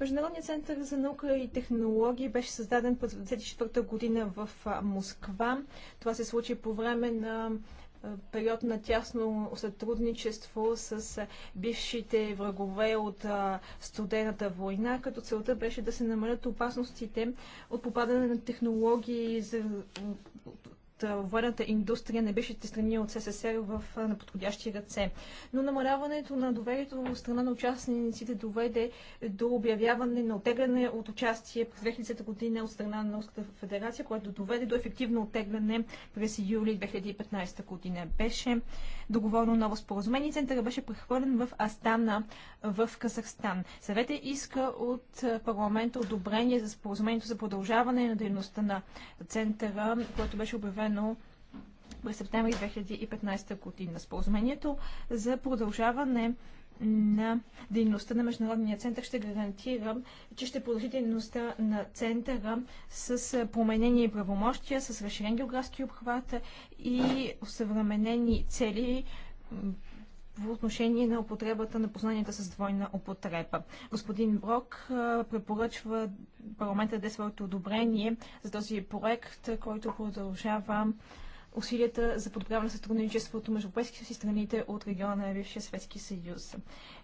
Международният център за наука и технологии беше създаден през 1994 година в Москва. Това се случи по време на период на тясно сътрудничество с бившите врагове от студената война, като целта беше да се намалят опасностите от попадане на технологии за военната индустрия на бившите страни от СССР в подходящи ръце. Но намаляването на доверието от страна на участниците доведе до обявяване на отегляне от участие през 2010 година от страна на Руската федерация, което доведе до ефективно отегляне през юли 2015 година. Беше договорено ново споразумение. Центъра беше прехвърлен в Астана в Казахстан. Съветът иска от парламента одобрение за споразумението за продължаване на дейността на центъра, което беше обявено подписано през септември 2015 година. Споразумението за продължаване на дейността на Международния център ще гарантирам, че ще продължи дейността на центъра с променени правомощия, с разширен географски обхват и съвременени цели по отношение на употребата на познанията с двойна употреба. Господин Брок препоръчва парламента да даде своето одобрение за този проект, който продължава усилията за подобряване на сътрудничеството между европейските си страните от региона на бившия Светски съюз.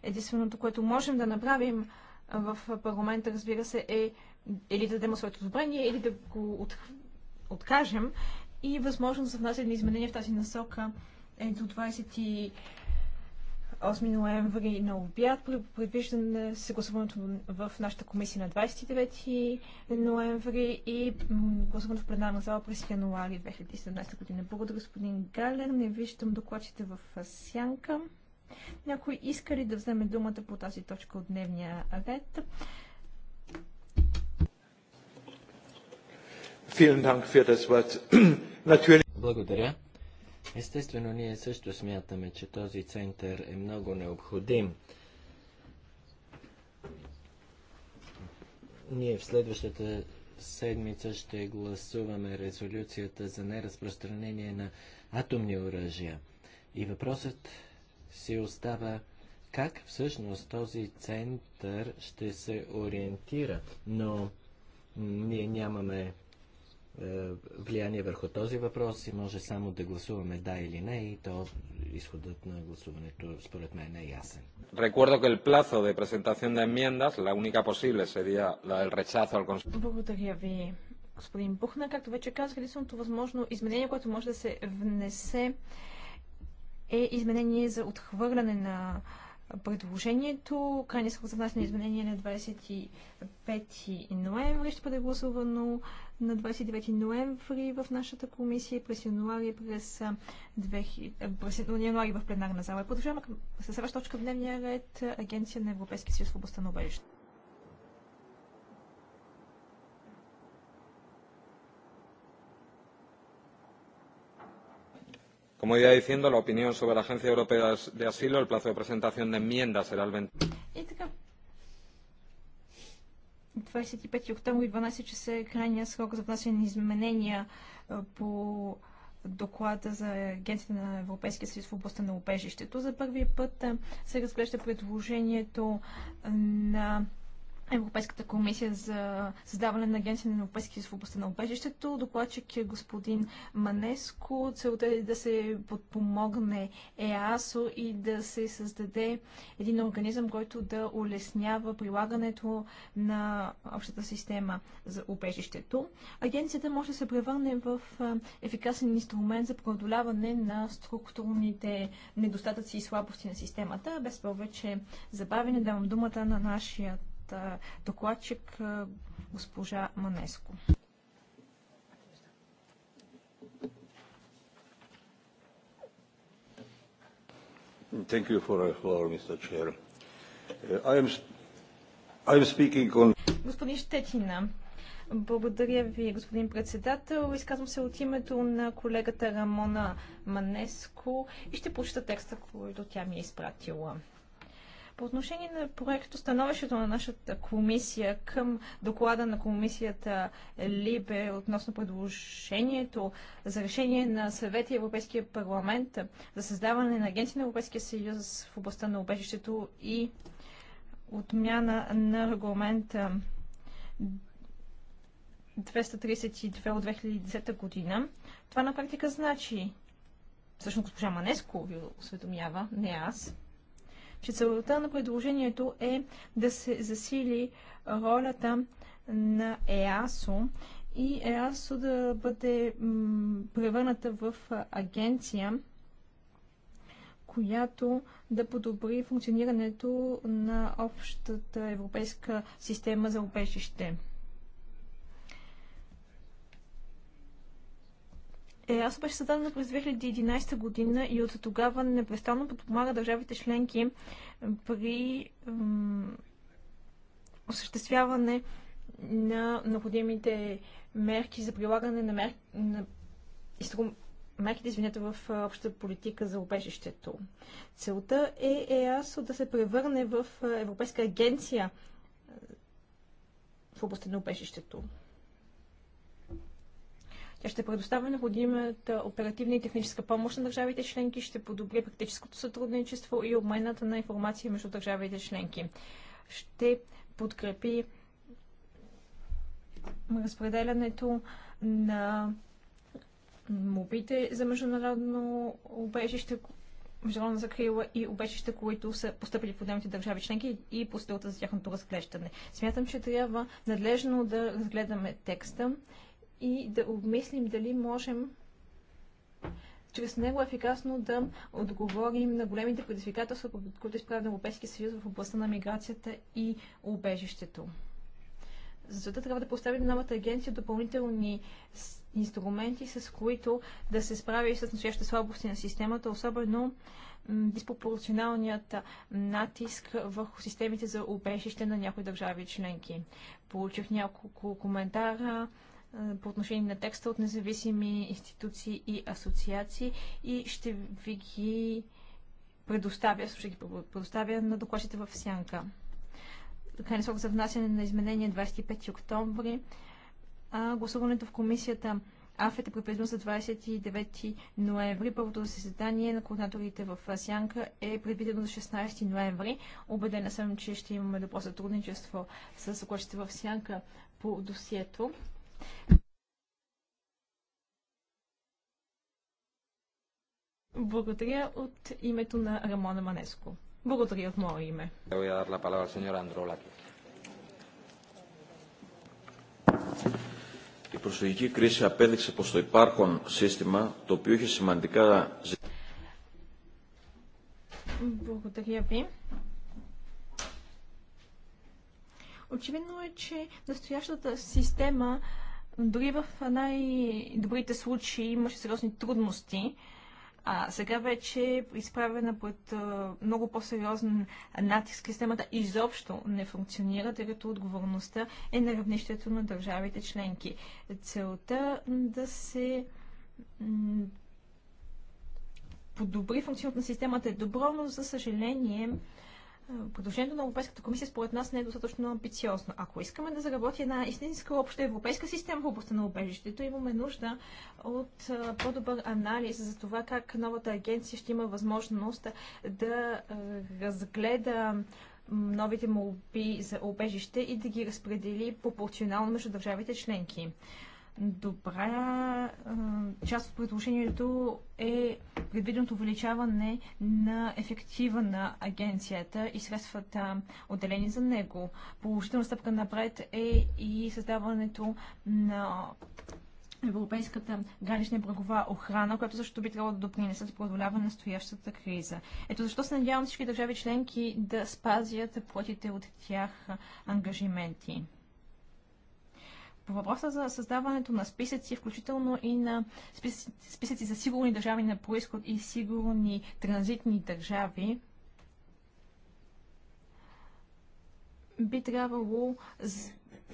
Единственото, което можем да направим в парламента, разбира се, е или да дадем своето одобрение, или да го от... откажем. И възможност за внасяне на изменения в тази насока е до 8 ноември на обяд. Предвиждане се гласуването в нашата комисия на 29 ноември и гласуването в пленарна зала през януари 2017 година. Благодаря, господин Галер. Не виждам докладчите в сянка. Някой иска ли да вземе думата по тази точка от дневния ред? Благодаря. Естествено, ние също смятаме, че този център е много необходим. Ние в следващата седмица ще гласуваме резолюцията за неразпространение на атомни оръжия. И въпросът си остава как всъщност този център ще се ориентира, но ние нямаме е, влияние върху този въпрос и може само да гласуваме да или не и то изходът на гласуването според мен е ясен. Recuerdo que el plazo de presentación de enmiendas, la única posible sería la del rechazo al Consejo. Благодаря ви, господин Бухна. Както вече казах, единственото възможно изменение, което може да се внесе е изменение за отхвърляне на предложението. Крайният срок за внасяне на изменение е на 25 ноември ще бъде гласувано на 29 ноември в нашата комисия и през януари, през, 2000, през януари в пленарна зала. Продължаваме с следваща точка в дневния ред Агенция на Европейския съюз в областта на убежище. Como iba diciendo, la opinión sobre la Agencia Europea de Asilo, el plazo de presentación de enmiendas será el 20. 25 октомври 12 часа е крайния срок за внасяне на изменения по доклада за Агенцията на Европейския съюз в областта на убежището. За първи път се разглежда предложението на Европейската комисия за създаване на агенция на Европейския съюз в областта на убежището. Докладчик е господин Манеско. Целта е да се подпомогне ЕАСО и да се създаде един организъм, който да улеснява прилагането на общата система за убежището. Агенцията може да се превърне в ефикасен инструмент за преодоляване на структурните недостатъци и слабости на системата. Без повече забавяне давам думата на нашия докладчик госпожа Манеско. Thank you for the floor, Mr. Chair. Uh, I am, I am speaking on... Господин Щетина, благодаря ви, господин председател. Изказвам се от името на колегата Рамона Манеско и ще прочета текста, който тя ми е изпратила. По отношение на проекто становището на нашата комисия към доклада на комисията Либе относно предложението за решение на съвет и Европейския парламент за създаване на агенция на Европейския съюз в областта на убежището и отмяна на регламента 232 от 2010 година. Това на практика значи, всъщност госпожа Манеско ви осведомява, не аз, че целта на предложението е да се засили ролята на ЕАСО и ЕАСО да бъде превърната в агенция, която да подобри функционирането на общата европейска система за убежище. Е, аз беше създадена през 2011 година и от тогава непрестанно подпомага държавите членки при осъществяване на необходимите мерки за прилагане на, мер... на мерките извинете, в общата политика за обежището. Целта е ЕАСО да се превърне в Европейска агенция в областта на обежището. Е, ще предоставя необходимата оперативна и техническа помощ на държавите членки, ще подобри практическото сътрудничество и обмената на информация между държавите членки. Ще подкрепи разпределянето на мобите за международно убежище, международна закрила и обежища, които са поступили в отделните държави членки и постелата за тяхното разглеждане. Смятам, че трябва надлежно да разгледаме текста и да обмислим дали можем чрез него ефикасно да отговорим на големите предизвикателства, които е изправя Европейския съюз в областта на миграцията и убежището. Затова трябва да поставим новата агенция допълнителни инструменти, с които да се справи с настоящите слабости на системата, особено диспропорционалният натиск върху системите за убежище на някои държави членки. Получих няколко коментара по отношение на текста от независими институции и асоциации и ще ви ги предоставя, ще ги предоставя на докладите в сянка. Крайна срок за внасяне на изменение 25 октомври. А гласуването в комисията АФЕТ е предвидено за 29 ноември. Първото заседание на координаторите в Сянка е предвидено за 16 ноември. Обедена съм, че ще имаме добро сътрудничество с докладите в Сянка по досието. Благодаря от името на Рамона Манеско. Благодаря от мое име. Η προσφυγική κρίση απέδειξε πως το υπάρχον σύστημα, το οποίο είχε σημαντικά Благодаря ви. Очевидно е, че настоящата система дори в най-добрите случаи имаше сериозни трудности, а сега вече е изправена под много по-сериозен натиск. Системата изобщо не функционира, тъй като отговорността е на равнището на държавите членки. Целта да се подобри функционалната на системата е добро, но за съжаление Предложението на Европейската комисия според нас не е достатъчно амбициозно. Ако искаме да заработи една истинска обща европейска система в областта на убежището, имаме нужда от по-добър анализ за това как новата агенция ще има възможност да разгледа новите молби за убежище и да ги разпредели пропорционално между държавите членки добра част от предложението е предвиденото увеличаване на ефектива на агенцията и средствата отделени за него. Положителна стъпка напред е и създаването на Европейската гранична брегова охрана, която също би трябвало да допринесе за преодоляване на стоящата криза. Ето защо се надявам всички държави членки да спазят платите от тях ангажименти. По въпроса за създаването на списъци, включително и на списъци, списъци за сигурни държави на происход и сигурни транзитни държави, би трябвало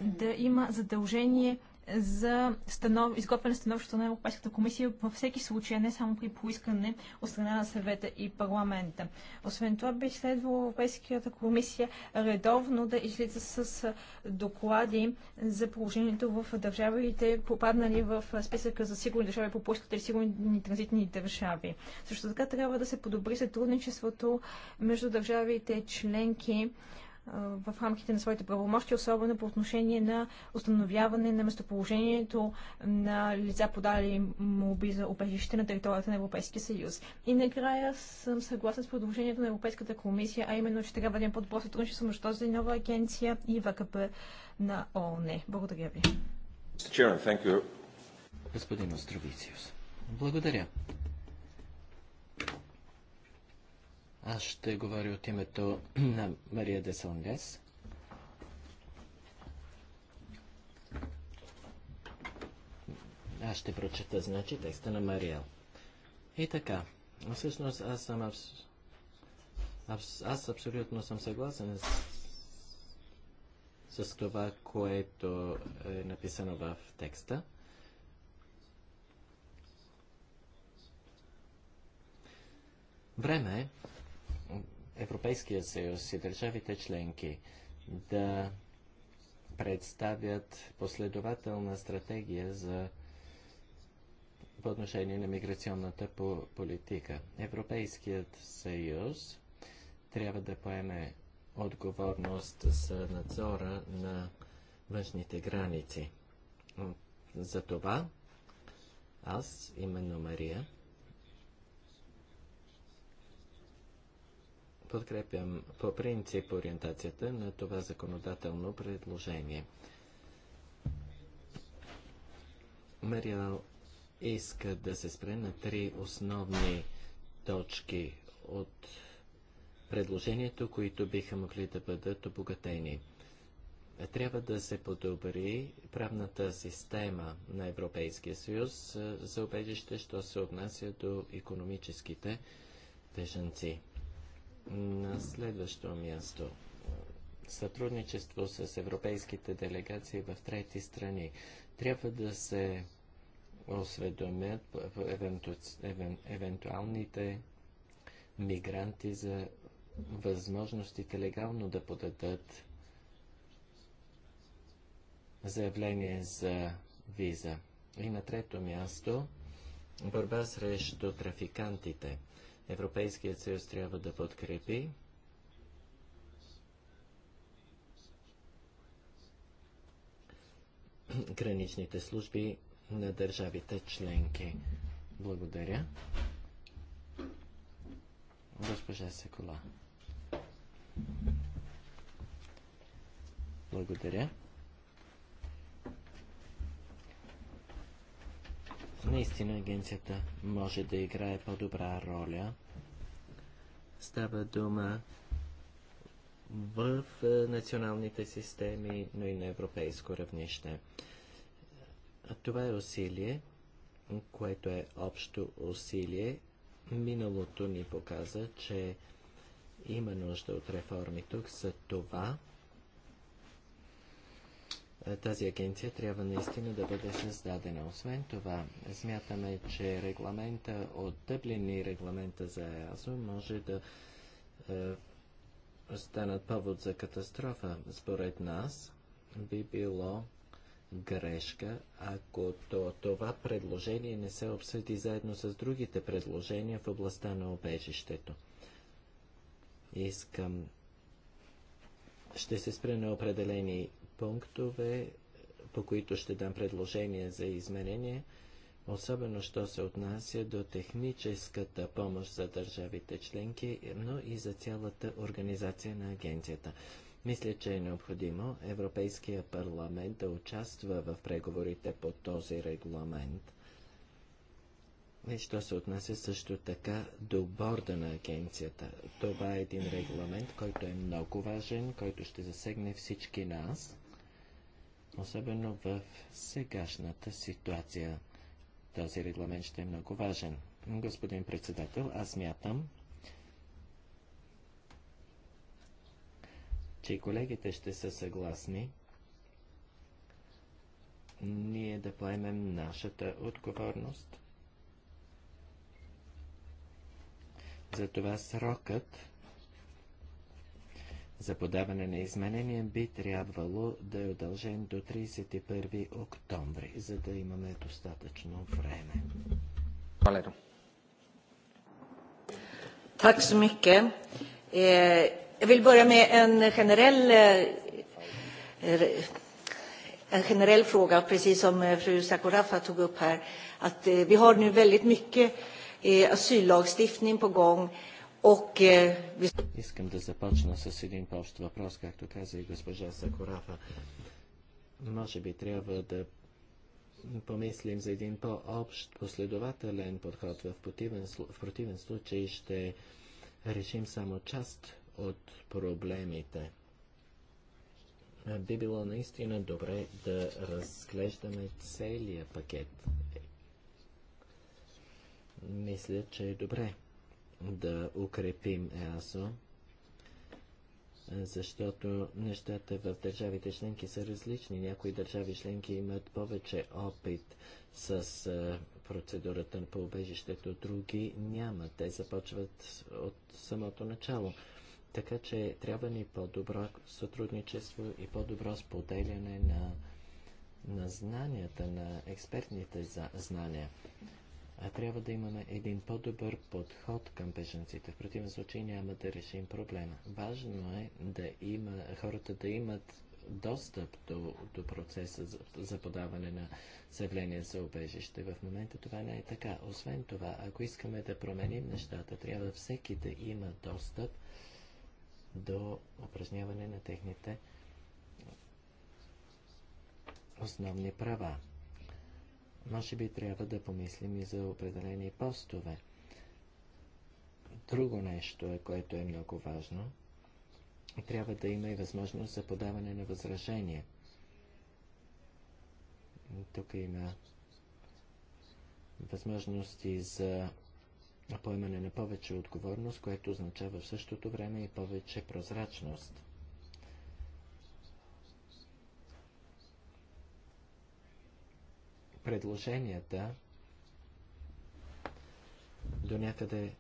да има задължение за станов... изготвяне становището на Европейската комисия във всеки случай, а не само при поискане от страна на съвета и парламента. Освен това, би следвало Европейската комисия редовно да излиза с доклади за положението в държавите, попаднали в списъка за сигурни държави, по поиската и сигурни транзитни държави. Също така трябва да се подобри сътрудничеството между държавите членки в рамките на своите правомощи, особено по отношение на установяване на местоположението на лица подали молби за обежище на територията на Европейския съюз. И накрая съм съгласен с предложението на Европейската комисия, а именно, че трябва да има по-добро сътрудничество между този нова агенция и ВКП на ООН. Благодаря ви. Господин Островициус, благодаря. Аз ще говоря от името на Мария Десонлес. Аз ще прочета, значи, текста на Мариел. И така, всъщност аз съм абс... Абс... аз абсолютно съм съгласен с... с това, което е написано в текста. Време е Европейския съюз и държавите членки да представят последователна стратегия за по отношение на миграционната политика. Европейският съюз трябва да поеме отговорност за надзора на външните граници. За това аз, именно Мария, Подкрепям по принцип ориентацията на това законодателно предложение. Мариал иска да се спре на три основни точки от предложението, които биха могли да бъдат обогатени. Трябва да се подобри правната система на Европейския съюз за убежище, що се отнася до економическите бежанци. На следващо място сътрудничество с европейските делегации в трети страни. Трябва да се осведомят евенту... евен... евентуалните мигранти за възможностите легално да подадат заявление за виза. И на трето място борба срещу трафикантите – Европейският съюз трябва да подкрепи граничните служби на държавите членки. Благодаря. Госпожа Секола. Благодаря. Наистина агенцията може да играе по-добра роля. Става дума в е, националните системи, но и на европейско равнище. Това е усилие, което е общо усилие. Миналото ни показа, че има нужда от реформи тук. За това е, тази агенция трябва наистина да бъде създадена. Освен това, смятаме, че регламента от Дъблин и регламента за ЕАЗО може да е, станат повод за катастрофа. Според нас би било грешка, ако то, това предложение не се обсъди заедно с другите предложения в областта на обежището. Искам ще се спре на определени пунктове, по които ще дам предложение за изменение, особено що се отнася до техническата помощ за държавите членки, но и за цялата организация на агенцията. Мисля, че е необходимо Европейския парламент да участва в преговорите по този регламент. И що се отнася също така до борда на агенцията. Това е един регламент, който е много важен, който ще засегне всички нас. Особено в сегашната ситуация този регламент ще е много важен. Господин председател, аз мятам, че колегите ще са съгласни ние да поемем нашата отговорност. Затова срокът за подаване на изменения би трябвало да е удължен до 31 октомври, за да имаме достатъчно време. Валеро. Tack så mycket. jag vill börja med en generell, en generell fråga, precis som fru Sakorafa tog upp här. Att, vi har nu väldigt mycket asyllagstiftning på gång Eh, Искам да започна с един прост въпрос, както каза и госпожа Сакурафа. Може би трябва да помислим за един по-общ последователен подход. В противен, в противен случай ще решим само част от проблемите. Би било наистина добре да разглеждаме целия пакет. Мисля, че е добре да укрепим ЕАСО, защото нещата в държавите членки са различни. Някои държави членки имат повече опит с процедурата по убежището, други няма. Те започват от самото начало. Така че трябва ни по-добро сътрудничество и по-добро споделяне на, на знанията, на експертните знания. А трябва да имаме един по-добър подход към беженците. В противен случай няма да решим проблема. Важно е да има, хората да имат достъп до, до процеса за, за подаване на заявление за убежище. В момента това не е така. Освен това, ако искаме да променим нещата, трябва всеки да има достъп до упражняване на техните основни права. Може би трябва да помислим и за определени постове. Друго нещо, е, което е много важно, трябва да има и възможност за подаване на възражение. Тук има възможности за поемане на повече отговорност, което означава в същото време и повече прозрачност. предложенията до някъде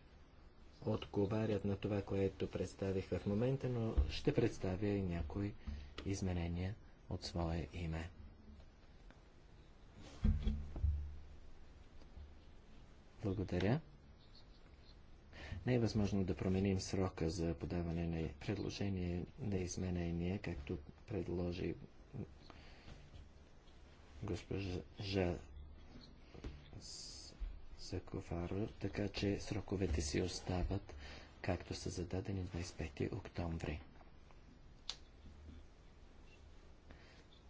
отговарят на това, което представих в момента, но ще представя и някои изменения от свое име. Благодаря. Не е възможно да променим срока за подаване на предложение на изменение, както предложи госпожа Саковаро, така че сроковете си остават както са зададени 25 октомври.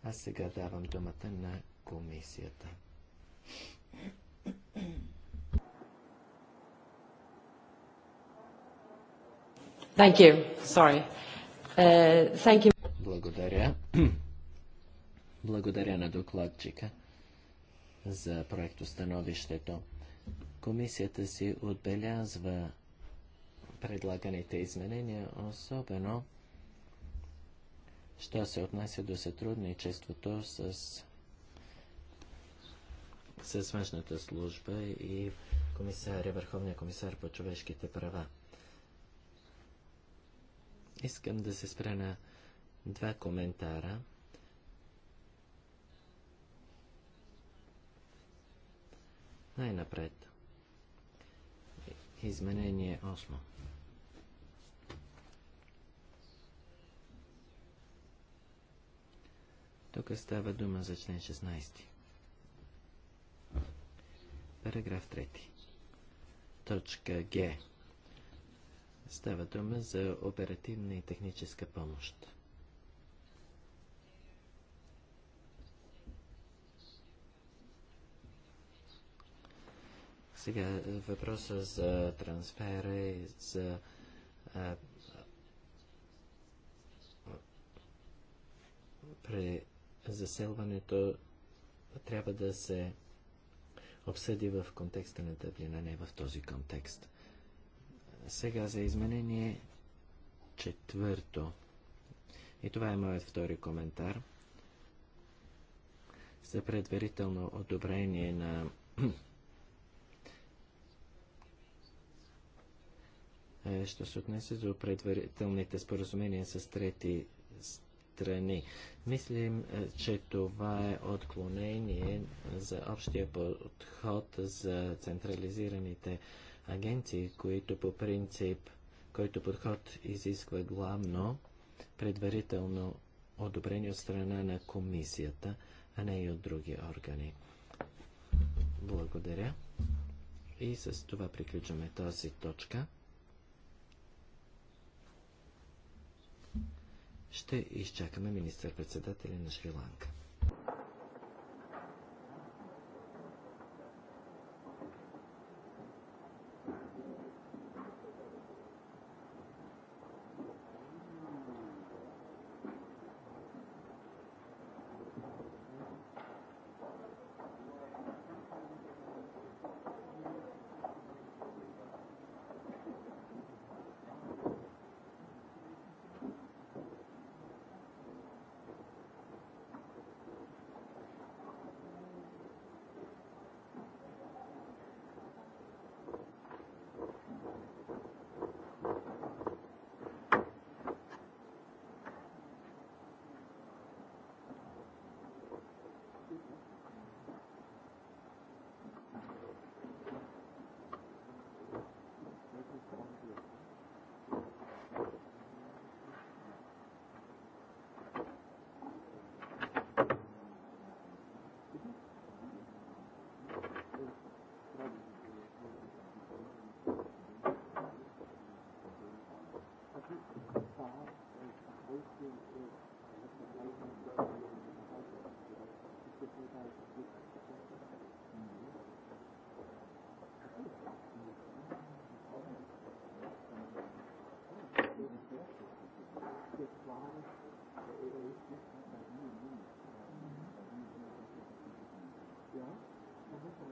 А сега давам думата на комисията. Thank you. Sorry. Uh, thank you. Благодаря. Благодаря на докладчика за проектостановището. Комисията си отбелязва предлаганите изменения, особено що се отнася до сътрудничеството с, с външната служба и комисаря, Върховния комисар по човешките права. Искам да се спра на два коментара – Най-напред. Изменение 8. Тук става дума за член 16. Параграф 3. Точка Г. Става дума за оперативна и техническа помощ. Сега е, въпроса за трансфера и за е, при заселването трябва да се обсъди в контекста на Дъблина, не в този контекст. Сега за изменение четвърто. И това е моят втори коментар. За предварително одобрение на Е, що се отнесе до предварителните споразумения с трети страни. Мислим, е, че това е отклонение за общия подход за централизираните агенции, които по принцип, който подход изисква главно предварително одобрение от страна на комисията, а не и от други органи. Благодаря. И с това приключваме тази точка. ще изчакаме министър-председателя на Шри-Ланка.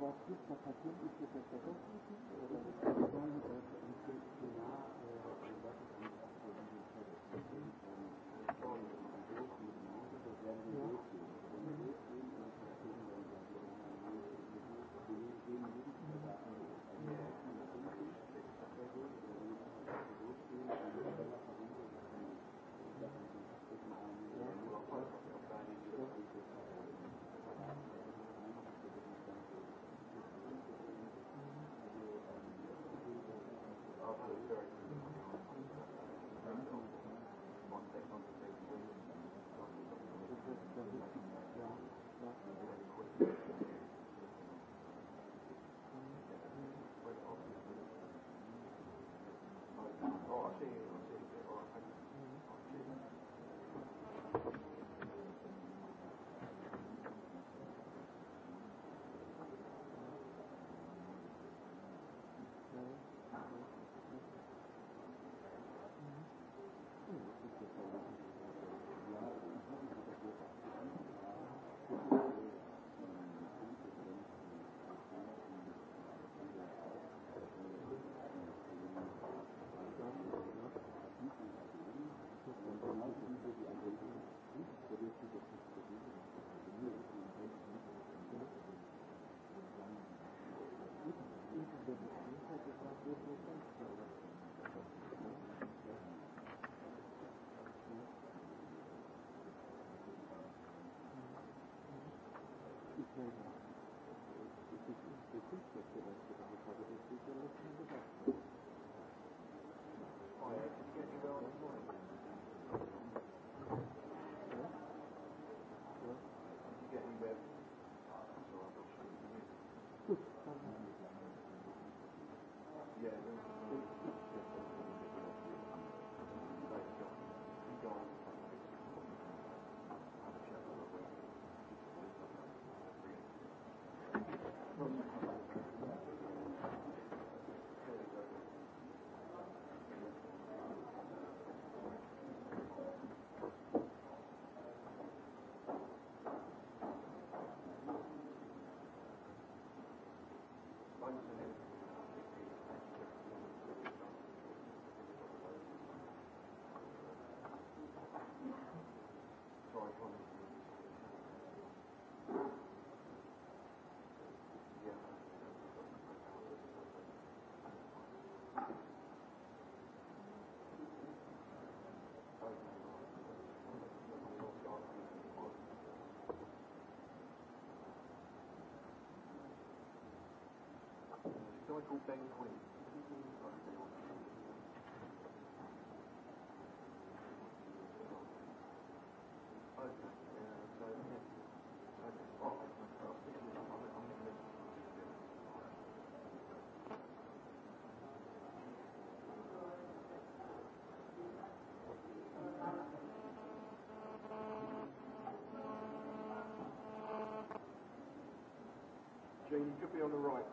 Was ist da passiert? Ist das jetzt veröffentlicht? Oder ist das Ja. joyful banquet. Jane, you could be on the right.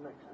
next.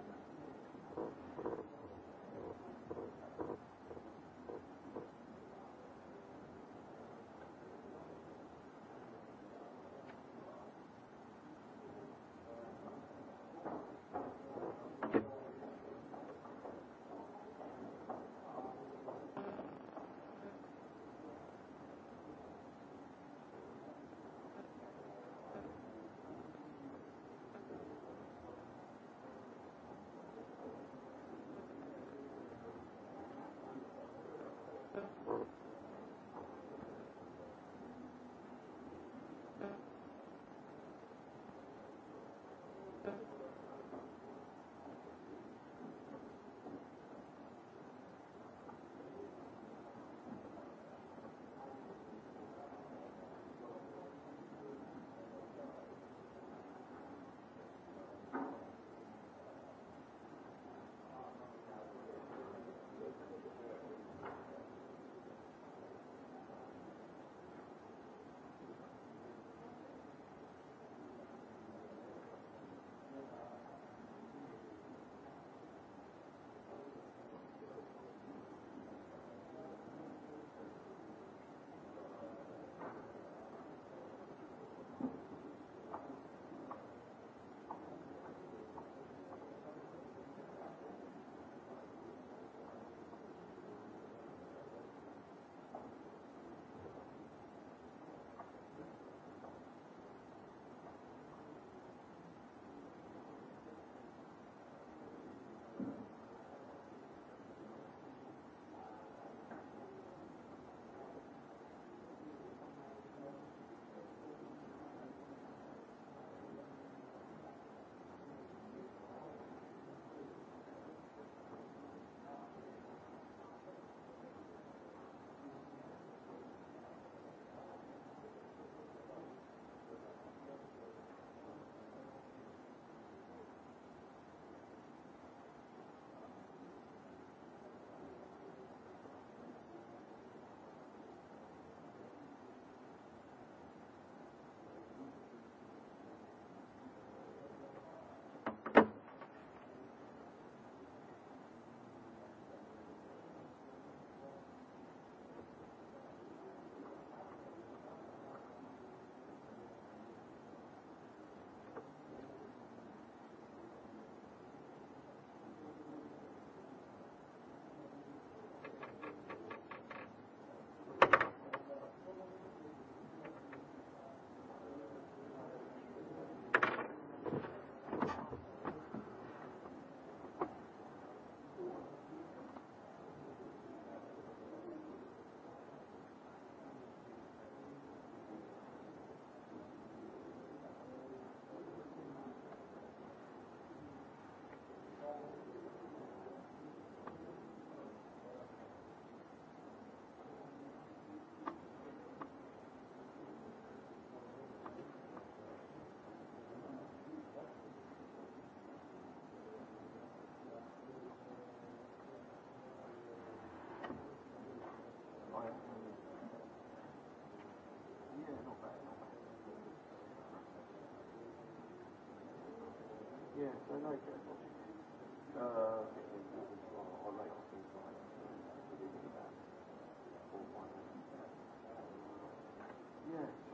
Yes,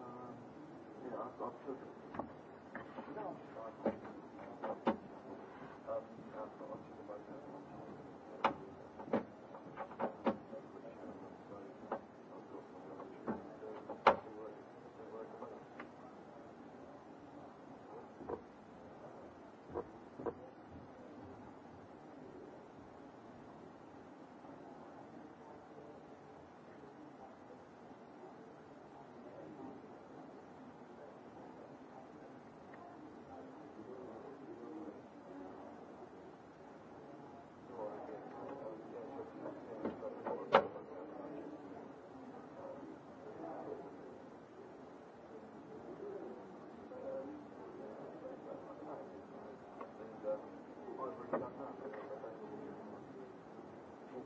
um, yeah, I've, I've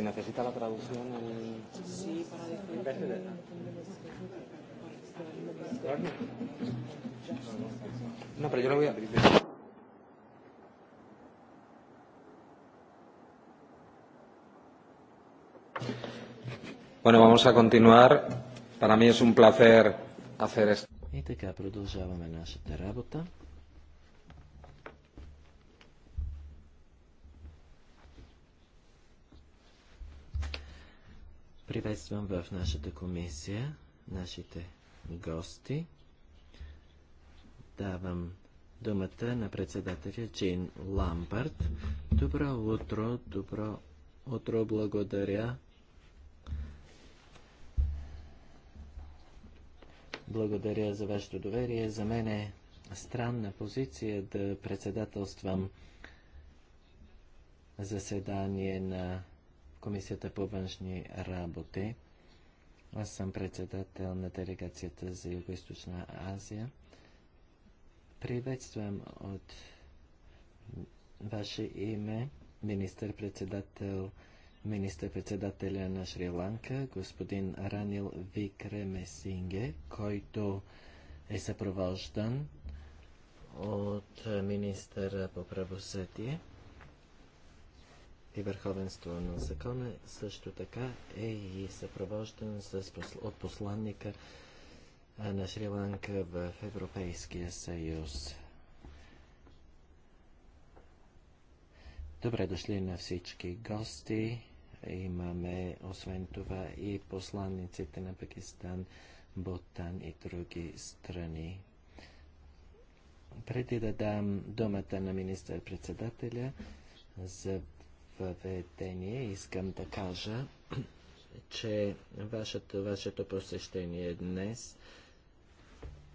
si necesita la traducción. El... Sí, para decir. No, pero yo lo voy a. Bueno, vamos a continuar. Para mí es un placer hacer esto. И така продължаваме нашата работа. Приветствам в нашата комисия нашите гости. Давам думата на председателя Джин Ламбард. Добро утро, добро утро, благодаря. Благодаря за вашето доверие. За мен е странна позиция да председателствам заседание на Комисията по външни работи. Аз съм председател на делегацията за Юго-Источна Азия. Приветствам от ваше име министър-председател министър-председателя на Шри-Ланка, господин Ранил Викремесинге, който е съпровождан от министъра по правосъдие и върховенство на закона също така е и съпровождан с, от посланника на Шри-Ланка в Европейския съюз. Добре дошли на всички гости. Имаме, освен това, и посланниците на Пакистан, Бутан и други страни. Преди да дам думата на министър-председателя за въведение искам да кажа, че вашето, вашето посещение днес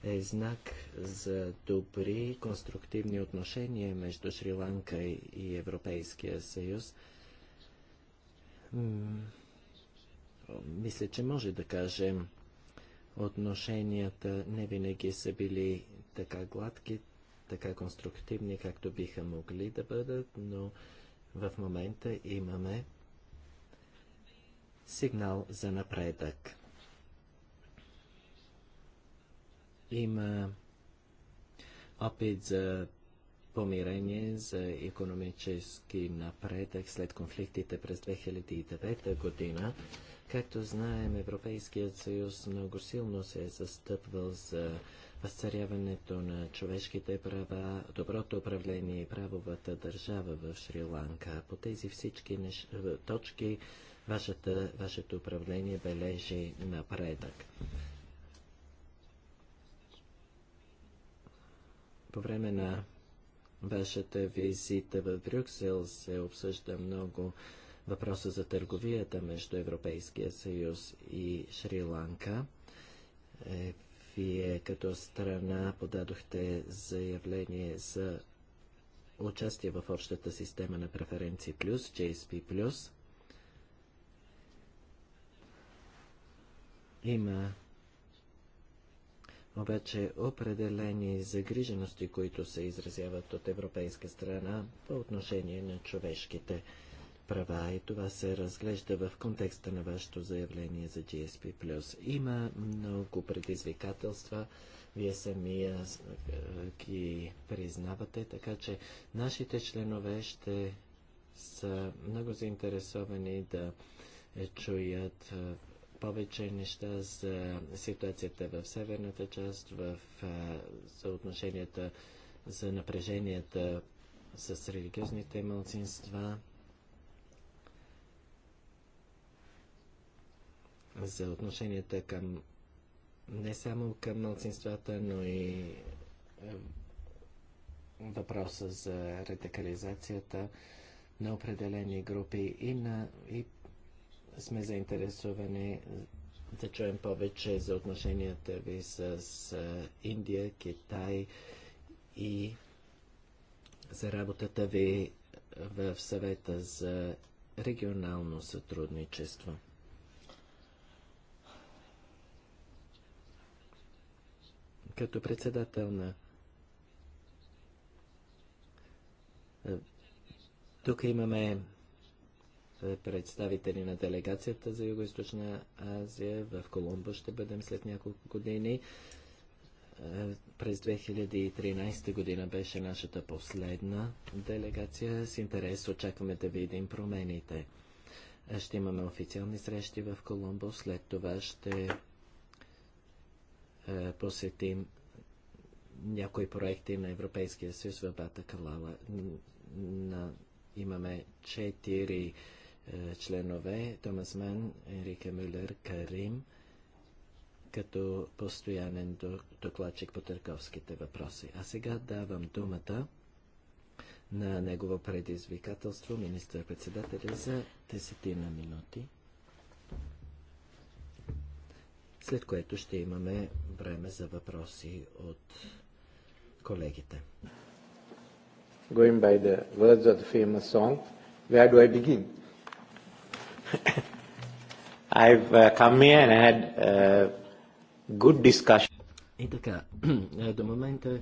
е знак за добри конструктивни отношения между Шри-Ланка и Европейския съюз. Мисля, че може да кажем, отношенията не винаги са били така гладки, така конструктивни, както биха могли да бъдат, но в момента имаме сигнал за напредък. Има опит за помирение, за економически напредък след конфликтите през 2009 година. Както знаем, Европейският съюз много силно се е застъпвал за възцаряването на човешките права, доброто управление и правовата държава в Шри-Ланка. По тези всички неш... точки вашата, вашето управление бележи напредък. По време на вашата визита в Брюксел се обсъжда много въпроса за търговията между Европейския съюз и Шри-Ланка. Е, вие като страна подадохте заявление за участие в общата система на преференции плюс, JSP плюс. Има обаче определени загрижености, които се изразяват от европейска страна по отношение на човешките права и това се разглежда в контекста на вашето заявление за GSP+. Има много предизвикателства, вие самия ги признавате, така че нашите членове ще са много заинтересовани да чуят повече неща за ситуацията в северната част, в съотношенията за напреженията с религиозните мълцинства, за отношенията към не само към младсинствата, но и въпроса за радикализацията на определени групи и, на, и сме заинтересовани да чуем повече за отношенията ви с е, Индия, Китай и за работата ви в съвета за регионално сътрудничество. като председател на е, тук имаме е, представители на делегацията за Юго-Источна Азия. В Колумбо ще бъдем след няколко години. Е, през 2013 година беше нашата последна делегация. С интерес очакваме да видим промените. Ще имаме официални срещи в Колумбо. След това ще е, посетим някои проекти на Европейския съюз в Батакалала. Калала. имаме четири е, членове. Томас Мен, Ерика Мюллер, Карим, като постоянен докладчик по търговските въпроси. А сега давам думата на негово предизвикателство, министър-председателя, за десетина минути. след което ще имаме време за въпроси от колегите. Going by the words of the famous song, where do I begin? I've uh, come here and had uh, good discussion. И така, до момента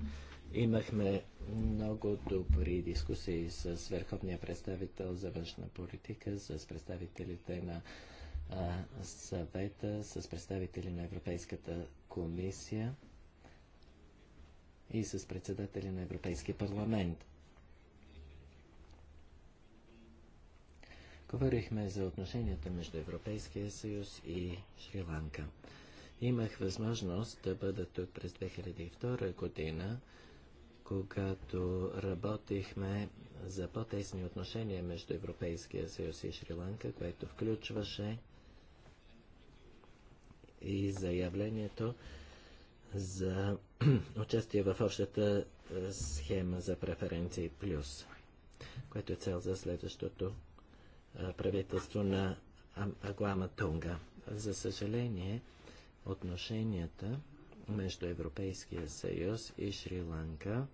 имахме много добри дискусии с върховния представител за външна политика, с представителите на съвета с представители на Европейската комисия и с председатели на Европейския парламент. Говорихме за отношенията между Европейския съюз и Шри-Ланка. Имах възможност да бъда тук през 2002 година, когато работихме за по-тесни отношения между Европейския съюз и Шри-Ланка, което включваше и заявлението за участие в общата е, схема за преференции плюс, което е цел за следващото е, правителство на Агуама Тунга. За съжаление, отношенията между Европейския съюз и Шри-Ланка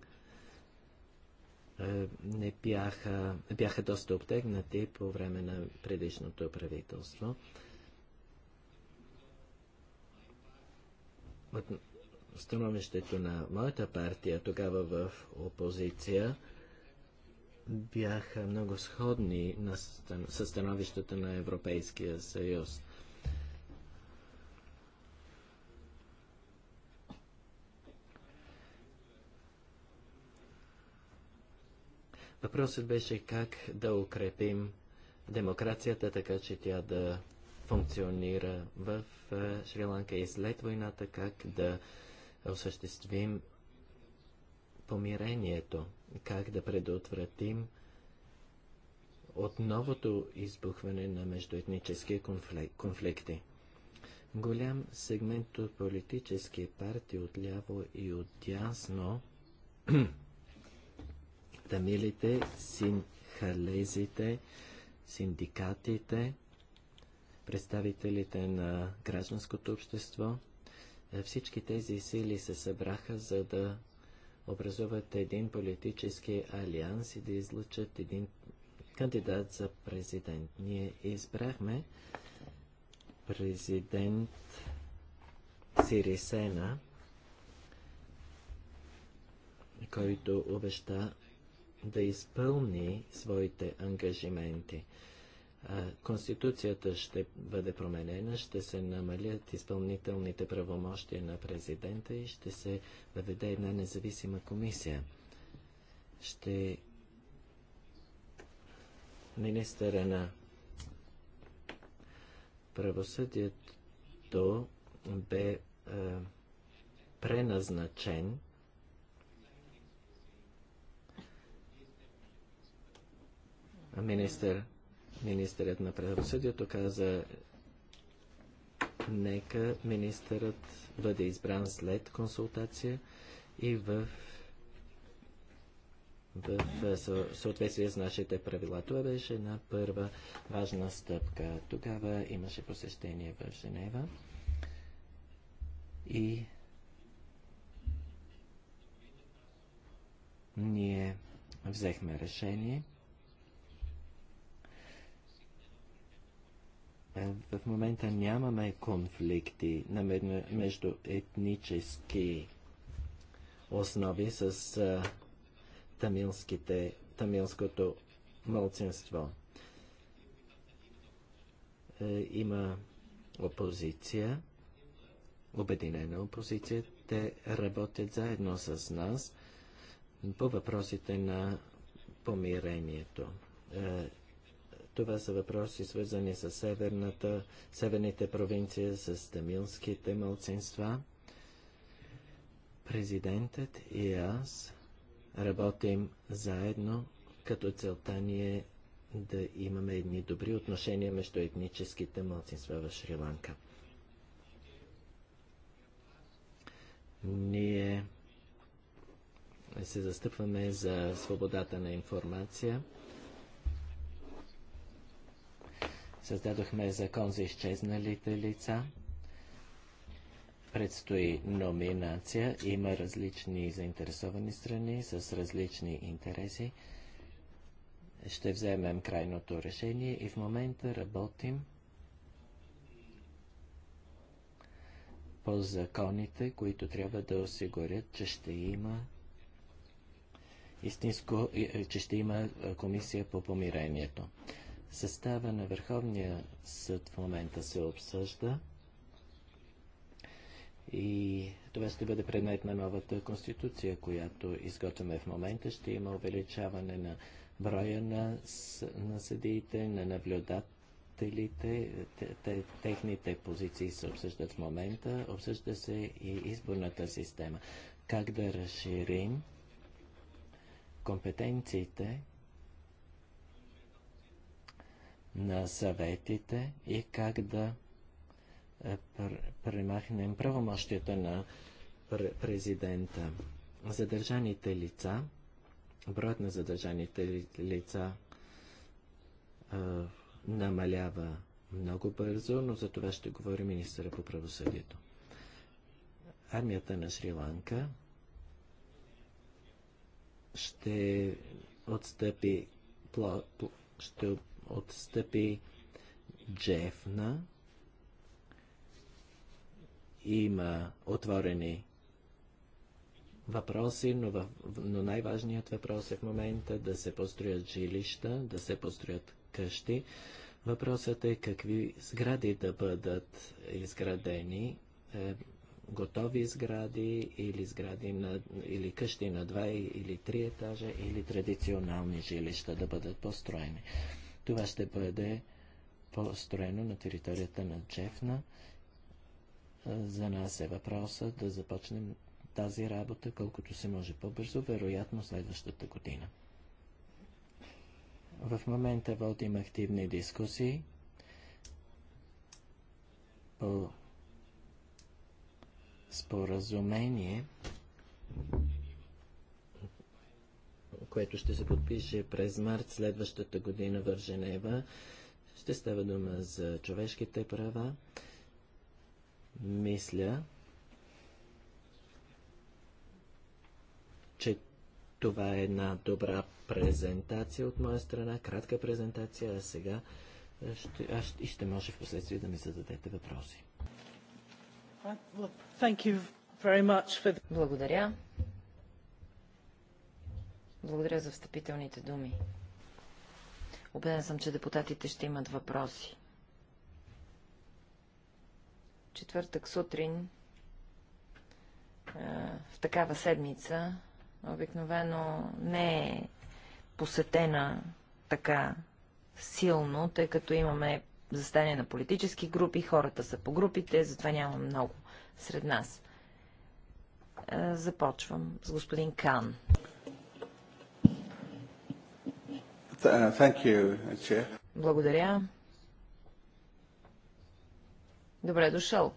е, не бяха, бяха доста обтегнати по време на предишното правителство. становището на моята партия тогава в опозиция бяха много сходни на, с становището на Европейския съюз. Въпросът беше как да укрепим демокрацията, така че тя да функционира в Шри-Ланка и след войната, как да осъществим помирението, как да предотвратим отновото избухване на междуетнически конфлик конфликти. Голям сегмент от политически партии отляво и от дясно, тамилите, синхалезите, синдикатите, представителите на гражданското общество. Е, всички тези сили се събраха, за да образуват един политически алианс и да излучат един кандидат за президент. Ние избрахме президент Сирисена, който обеща да изпълни своите ангажименти. Конституцията ще бъде променена, ще се намалят изпълнителните правомощия на президента и ще се въведе една независима комисия. Ще министъра на правосъдието бе е, преназначен министър Министърът на правосъдието каза, нека министърът бъде избран след консултация и в, в, в съответствие с нашите правила. Това беше една първа важна стъпка. Тогава имаше посещение в Женева и ние взехме решение – Е, в момента нямаме конфликти между етнически основи с тамилските, тамилското мълцинство. Е, има опозиция, обединена опозиция. Те работят заедно с нас по въпросите на помирението. Е, това са въпроси свързани с северната, северните провинции, с тамилските мълцинства. Президентът и аз работим заедно, като целта ни е да имаме едни добри отношения между етническите мълцинства в Шри-Ланка. Ние се застъпваме за свободата на информация. Създадохме закон за изчезналите лица. Предстои номинация. Има различни заинтересовани страни с различни интереси. Ще вземем крайното решение и в момента работим по законите, които трябва да осигурят, че ще има истинско, че ще има комисия по помирението. Състава на Върховния съд в момента се обсъжда и това ще бъде предмет на новата конституция, която изготвяме в момента. Ще има увеличаване на броя на, на съдиите, на наблюдателите. Те, те, техните позиции се обсъждат в момента. Обсъжда се и изборната система. Как да разширим компетенциите на съветите и как да е, премахнем правомощията на пр президента. Задържаните лица, броят на задържаните лица е, намалява много бързо, но за това ще говори министъра по правосъдието. Армията на Шри-Ланка ще отстъпи, пло, пло, ще отстъпи Джефна. Има отворени въпроси, но, в, но най-важният въпрос е в момента да се построят жилища, да се построят къщи. Въпросът е какви сгради да бъдат изградени, е, готови сгради или, сгради на, или къщи на два или три етажа или традиционални жилища да бъдат построени. Това ще бъде построено на територията на Джефна. За нас е въпроса да започнем тази работа колкото се може по-бързо, вероятно следващата година. В момента водим активни дискусии по споразумение което ще се подпише през март следващата година в Женева. Ще става дума за човешките права. Мисля, че това е една добра презентация от моя страна, кратка презентация, а сега ще, аз ще, ще може в последствие да ми зададете въпроси. Благодаря благодаря за встъпителните думи. Обеден съм, че депутатите ще имат въпроси. Четвъртък сутрин, в такава седмица, обикновено не е посетена така силно, тъй като имаме застание на политически групи, хората са по групите, затова няма много сред нас. Започвам с господин Кан. Uh, Благодаря. Добре дошъл.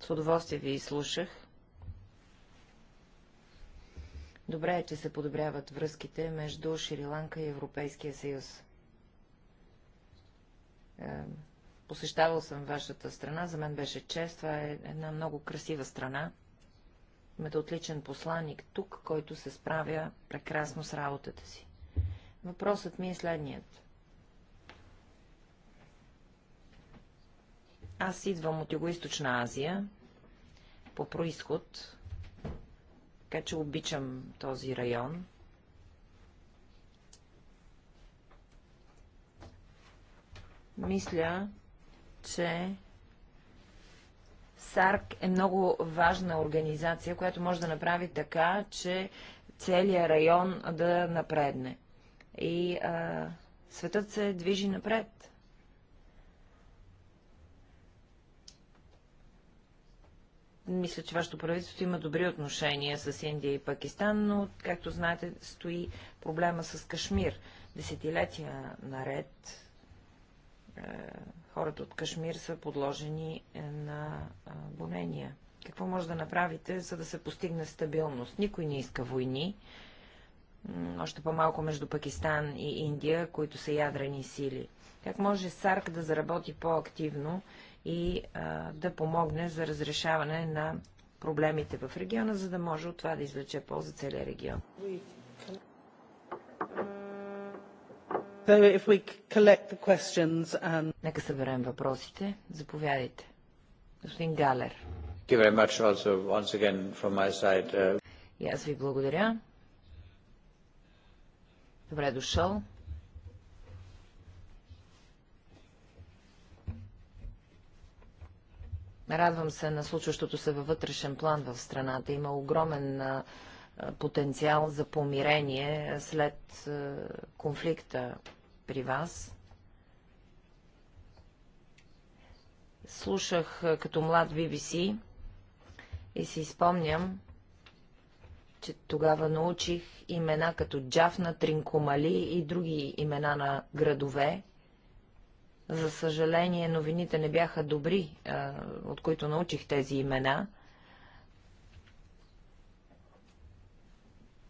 С удоволствие ви изслушах. Добре е, че се подобряват връзките между Шри-Ланка и Европейския съюз. Е, посещавал съм вашата страна, за мен беше чест, това е една много красива страна. Имате отличен посланник тук, който се справя прекрасно с работата си. Въпросът ми е следният. Аз идвам от Юго-Источна Азия, по происход, така че обичам този район. Мисля, че САРК е много важна организация, която може да направи така, че целият район да напредне. И а, светът се движи напред. Мисля, че вашето правителство има добри отношения с Индия и Пакистан, но, както знаете, стои проблема с Кашмир. Десетилетия наред е, хората от Кашмир са подложени е, на гонения. Какво може да направите, за да се постигне стабилност? Никой не иска войни, още по-малко между Пакистан и Индия, които са ядрени сили. Как може САРК да заработи по-активно и а, да помогне за разрешаване на проблемите в региона, за да може от това да извлече полза целия регион? Нека съберем въпросите. Заповядайте. Господин Галер. И аз ви благодаря. Добре дошъл. Радвам се на случващото се във вътрешен план в страната. Има огромен потенциал за помирение след е, конфликта при вас. Слушах е, като млад BBC и си спомням, че тогава научих имена като Джафна, Тринкомали и други имена на градове. За съжаление, новините не бяха добри, е, от които научих тези имена –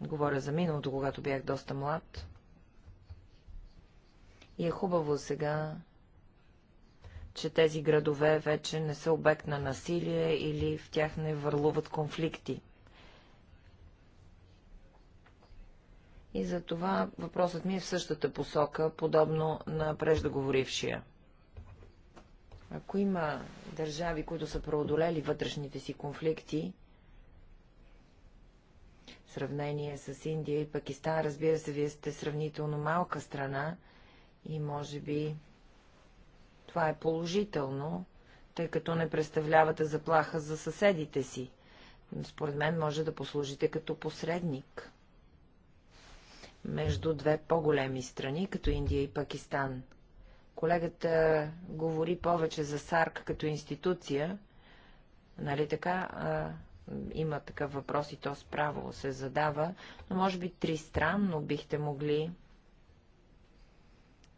Говоря за миналото, когато бях доста млад. И е хубаво сега, че тези градове вече не са обект на насилие или в тях не върлуват конфликти. И за това въпросът ми е в същата посока, подобно на преждоговорившия. Ако има държави, които са преодолели вътрешните си конфликти, сравнение с Индия и Пакистан. Разбира се, вие сте сравнително малка страна и може би това е положително, тъй като не представлявате заплаха за съседите си. Според мен може да послужите като посредник между две по-големи страни, като Индия и Пакистан. Колегата говори повече за САРК като институция, нали така? има такъв въпрос и то справо се задава, но може би тристранно бихте могли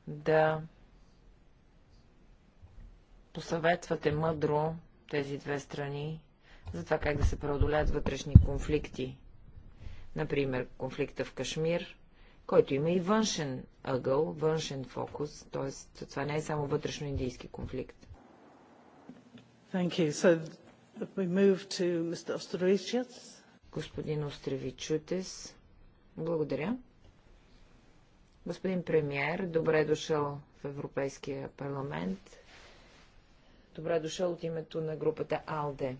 да посъветвате мъдро тези две страни за това как да се преодолят вътрешни конфликти. Например, конфликта в Кашмир, който има и външен ъгъл, външен фокус, т.е. това не е само вътрешно-индийски конфликт. Thank you. So We move to Mr. Господин Остревичутес, благодаря. Господин премьер, добре дошъл в Европейския парламент. Добре дошъл от името на групата АЛДЕ.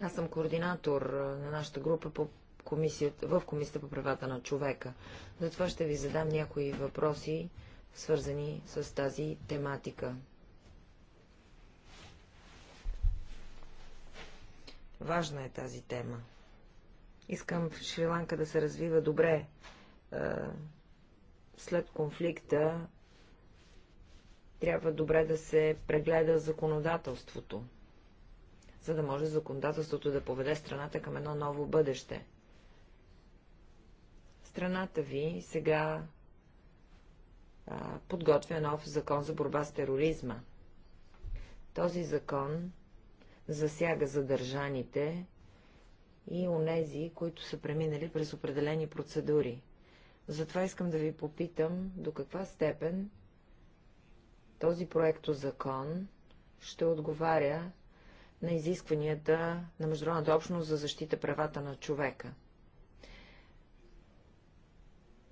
Аз съм координатор на нашата група по комисията, в Комисията по правата на човека. Затова ще ви задам някои въпроси, свързани с тази тематика. Важна е тази тема. Искам в Шри-Ланка да се развива добре. Е, след конфликта трябва добре да се прегледа законодателството, за да може законодателството да поведе страната към едно ново бъдеще. Страната ви сега подготвя нов закон за борба с тероризма. Този закон засяга задържаните и онези, които са преминали през определени процедури. Затова искам да ви попитам до каква степен този проекто закон ще отговаря на изискванията на международната общност за защита правата на човека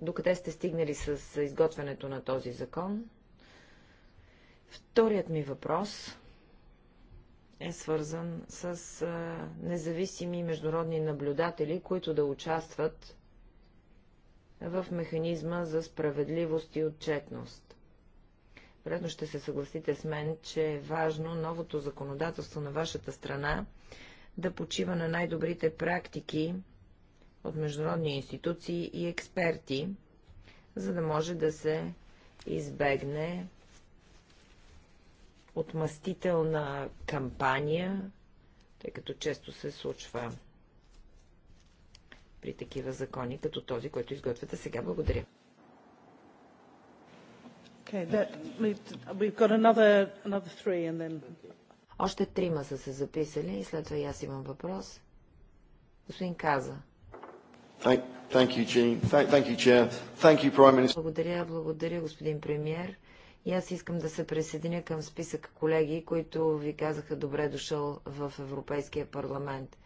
докъде сте стигнали с изготвянето на този закон? Вторият ми въпрос е свързан с независими международни наблюдатели, които да участват в механизма за справедливост и отчетност. Вредно ще се съгласите с мен, че е важно новото законодателство на вашата страна да почива на най-добрите практики от международни институции и експерти, за да може да се избегне отмъстителна кампания, тъй като често се случва при такива закони, като този, който изготвяте сега. Благодаря. Още трима са се записали и след това и аз имам въпрос. Господин Каза. Благодаря, благодаря, господин премьер. И аз искам да се присъединя към списък колеги, които ви казаха добре дошъл в Европейския парламент.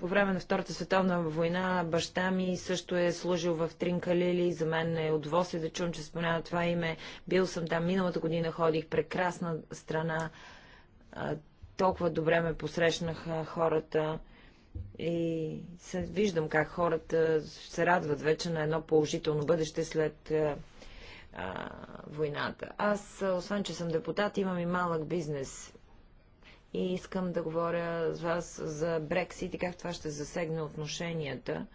По време на Втората световна война баща ми също е служил в Тринкалили. За мен е удоволствие да чум, че споменава това име. Бил съм там миналата година, ходих. Прекрасна страна толкова добре ме посрещнаха хората и се, виждам как хората се радват вече на едно положително бъдеще след а, войната. Аз, освен че съм депутат, имам и малък бизнес. И искам да говоря с вас за Брексит и как това ще засегне отношенията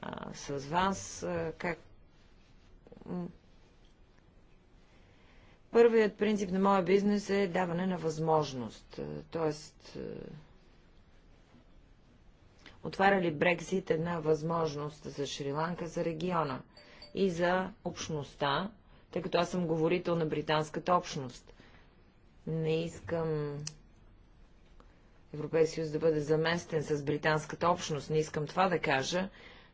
а, с вас, а, как Първият принцип на моя бизнес е даване на възможност. Е, тоест, е, отваря ли Брексит една възможност за Шри-Ланка, за региона и за общността, тъй като аз съм говорител на британската общност. Не искам Европейския съюз да бъде заместен с британската общност, не искам това да кажа,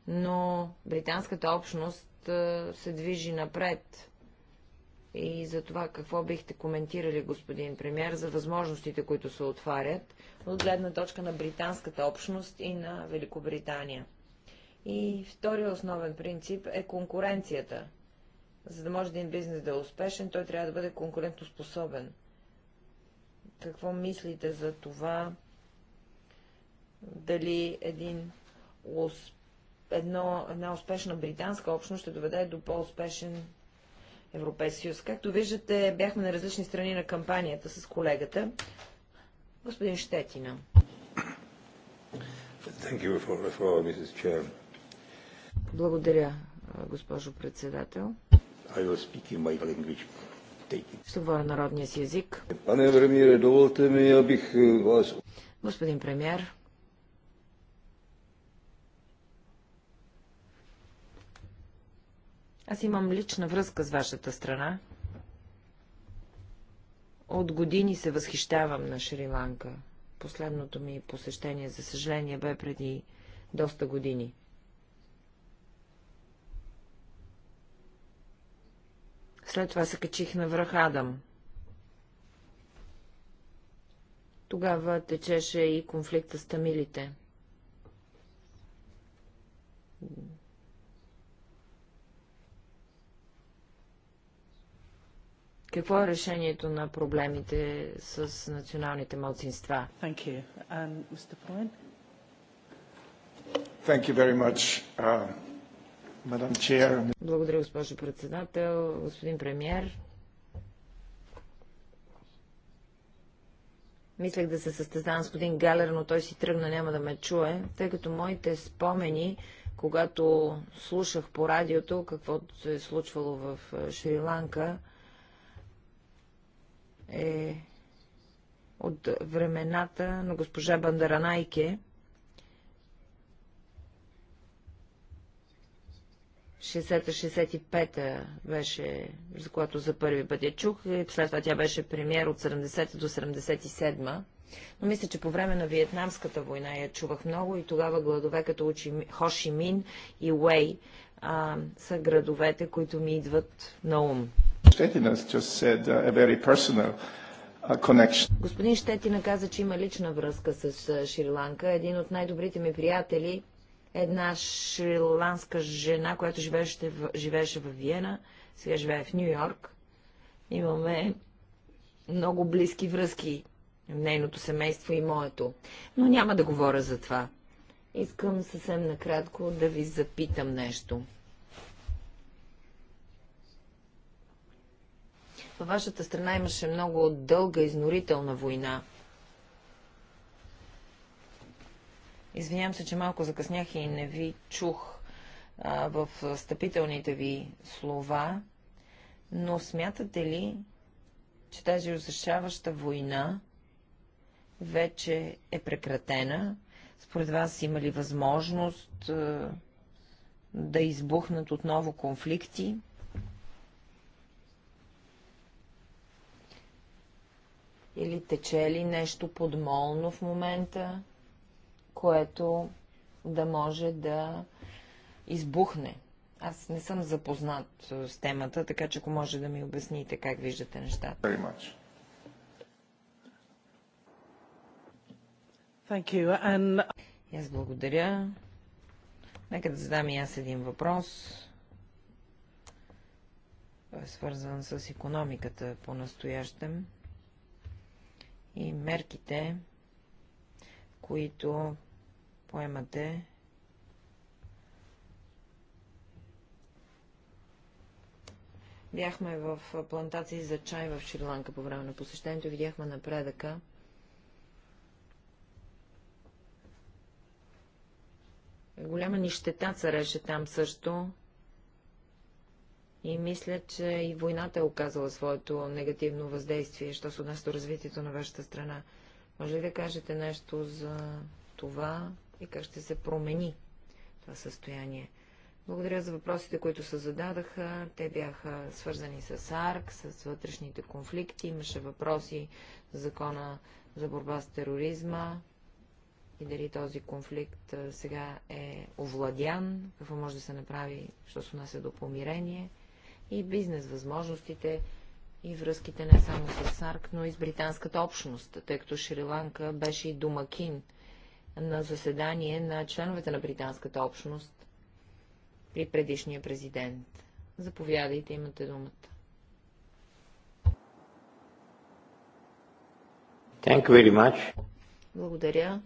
но британската общност е, се движи напред и за това какво бихте коментирали, господин премьер, за възможностите, които се отварят от гледна точка на британската общност и на Великобритания. И втория основен принцип е конкуренцията. За да може един бизнес да е успешен, той трябва да бъде конкурентоспособен. Какво мислите за това? Дали един успешен едно, една успешна британска общност ще доведе до по-успешен Европейския съюз. Както виждате, бяхме на различни страни на кампанията с колегата. Господин Щетина. Благодаря, госпожо председател. Ще говоря народния си език. Е, Господин премьер, Аз имам лична връзка с вашата страна. От години се възхищавам на Шри-Ланка. Последното ми посещение, за съжаление, бе преди доста години. След това се качих на връх Адам. Тогава течеше и конфликта с тамилите. Какво е решението на проблемите с националните младсинства? Um, uh, Благодаря, госпожо председател. Господин премьер, Мислех да се състезавам с господин Галер, но той си тръгна, няма да ме чуе, тъй като моите спомени, когато слушах по радиото какво се е случвало в е, Шри-Ланка, е от времената на госпожа Бандаранайке. 60-65-та беше, за която за първи път я чух, и след това тя беше премьер от 70 до 77-ма. Но мисля, че по време на Виетнамската война я чувах много и тогава гладове като Хошимин и Уей а, са градовете, които ми идват на ум just said uh, a very personal uh, connection. Господин Щетина каза, че има лична връзка с Шри-Ланка. Един от най-добрите ми приятели, една шри шри-ланска жена, която живееше в, живееше в Виена, сега живее в Нью-Йорк. Имаме много близки връзки в нейното семейство и моето. Но няма да говоря за това. Искам съвсем накратко да ви запитам нещо. Във вашата страна имаше много дълга изнорителна война. Извинявам се, че малко закъснях и не ви чух а, в стъпителните ви слова, но смятате ли, че тази осъщаваща война вече е прекратена? Според вас има ли възможност а, да избухнат отново конфликти? Или тече ли нещо подмолно в момента, което да може да избухне? Аз не съм запознат с темата, така че ако може да ми обясните как виждате нещата. And... Аз благодаря. Нека да задам и аз един въпрос. Той е свързан с економиката по-настоящем и мерките, които поемате Бяхме в плантации за чай в Шри-Ланка по време на посещението и видяхме напредъка. Голяма нищета цареше там също. И мисля, че и войната е оказала своето негативно въздействие, що се отнася до развитието на вашата страна. Може ли да кажете нещо за това и как ще се промени това състояние? Благодаря за въпросите, които се зададаха. Те бяха свързани с АРК, с вътрешните конфликти. Имаше въпроси за закона за борба с тероризма и дали този конфликт сега е овладян, какво може да се направи, що се отнася до помирение и бизнес възможностите и връзките не само с САРК, но и с британската общност, тъй като Шри-Ланка беше и домакин на заседание на членовете на британската общност при предишния президент. Заповядайте, имате думата. Thank you very much. Благодаря.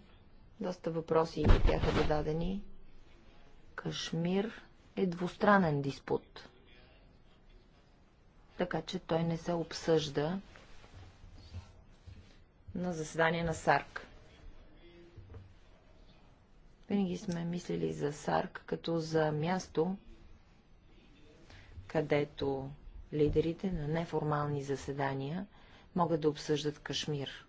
Доста въпроси бяха зададени. Кашмир е двустранен диспут така че той не се обсъжда на заседание на САРК. Винаги сме мислили за САРК като за място, където лидерите на неформални заседания могат да обсъждат Кашмир.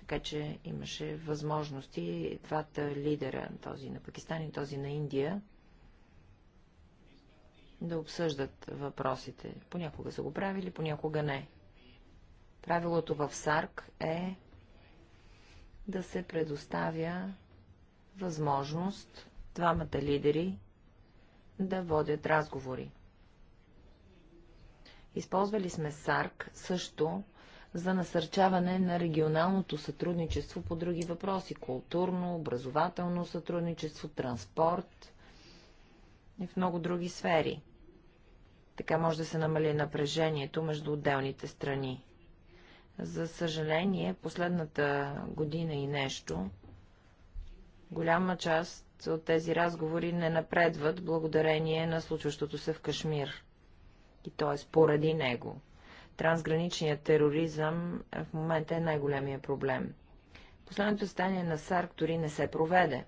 Така че имаше възможности двата лидера, този на Пакистан и този на Индия, да обсъждат въпросите. Понякога са го правили, понякога не. Правилото в САРК е да се предоставя възможност двамата лидери да водят разговори. Използвали сме САРК също за насърчаване на регионалното сътрудничество по други въпроси – културно, образователно сътрудничество, транспорт и в много други сфери – така може да се намали напрежението между отделните страни. За съжаление, последната година и нещо, голяма част от тези разговори не напредват благодарение на случващото се в Кашмир. И т.е. поради него. Трансграничният тероризъм в момента е най-големия проблем. Последното стане на САРК дори не се проведе.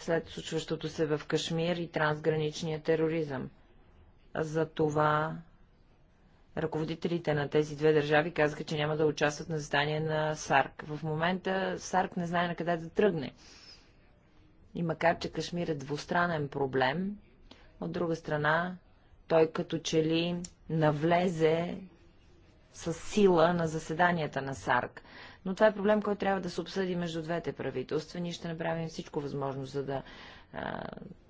след случващото се в Кашмир и трансграничния тероризъм. За това ръководителите на тези две държави казаха, че няма да участват на задание на САРК. В момента САРК не знае на къде да тръгне. И макар, че Кашмир е двустранен проблем, от друга страна, той като че ли навлезе с сила на заседанията на САРК. Но това е проблем, който трябва да се обсъди между двете правителства. Ние ще направим всичко възможно, за да а,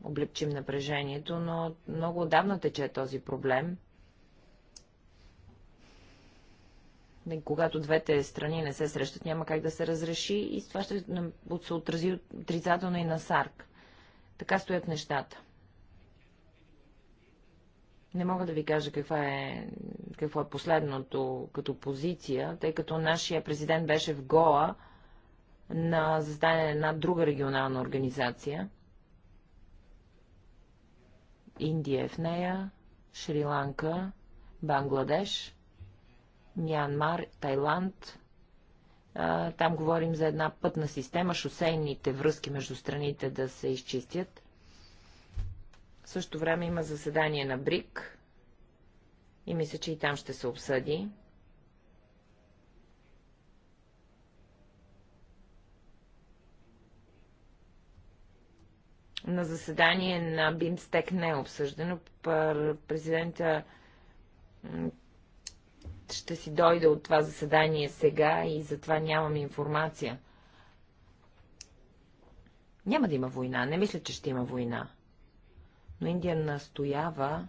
облегчим напрежението, но много отдавна тече този проблем. когато двете страни не се срещат, няма как да се разреши и това ще се отрази отрицателно и на САРК. Така стоят нещата. Не мога да ви кажа каква е, какво е последното като позиция, тъй като нашия президент беше в Гоа на заседание на една друга регионална организация. Индия е в нея, Шри-Ланка, Бангладеш, Мянмар, Тайланд. Там говорим за една пътна система, шосейните връзки между страните да се изчистят също време има заседание на БРИК и мисля, че и там ще се обсъди. На заседание на Бимстек не е обсъждано. Президента ще си дойде от това заседание сега и затова нямам информация. Няма да има война. Не мисля, че ще има война но Индия настоява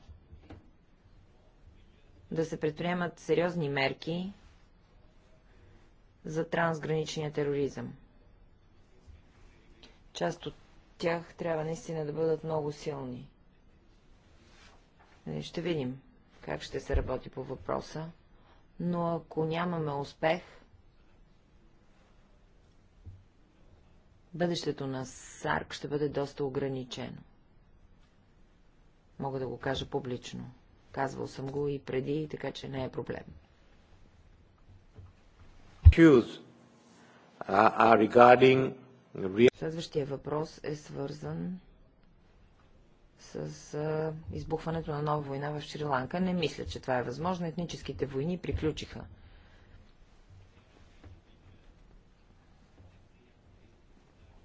да се предприемат сериозни мерки за трансграничния тероризъм. Част от тях трябва наистина да бъдат много силни. Е, ще видим как ще се работи по въпроса, но ако нямаме успех, бъдещето на САРК ще бъде доста ограничено. Мога да го кажа публично. Казвал съм го и преди, така че не е проблем. Следващия въпрос е свързан с избухването на нова война в Шри-Ланка. Не мисля, че това е възможно. Етническите войни приключиха.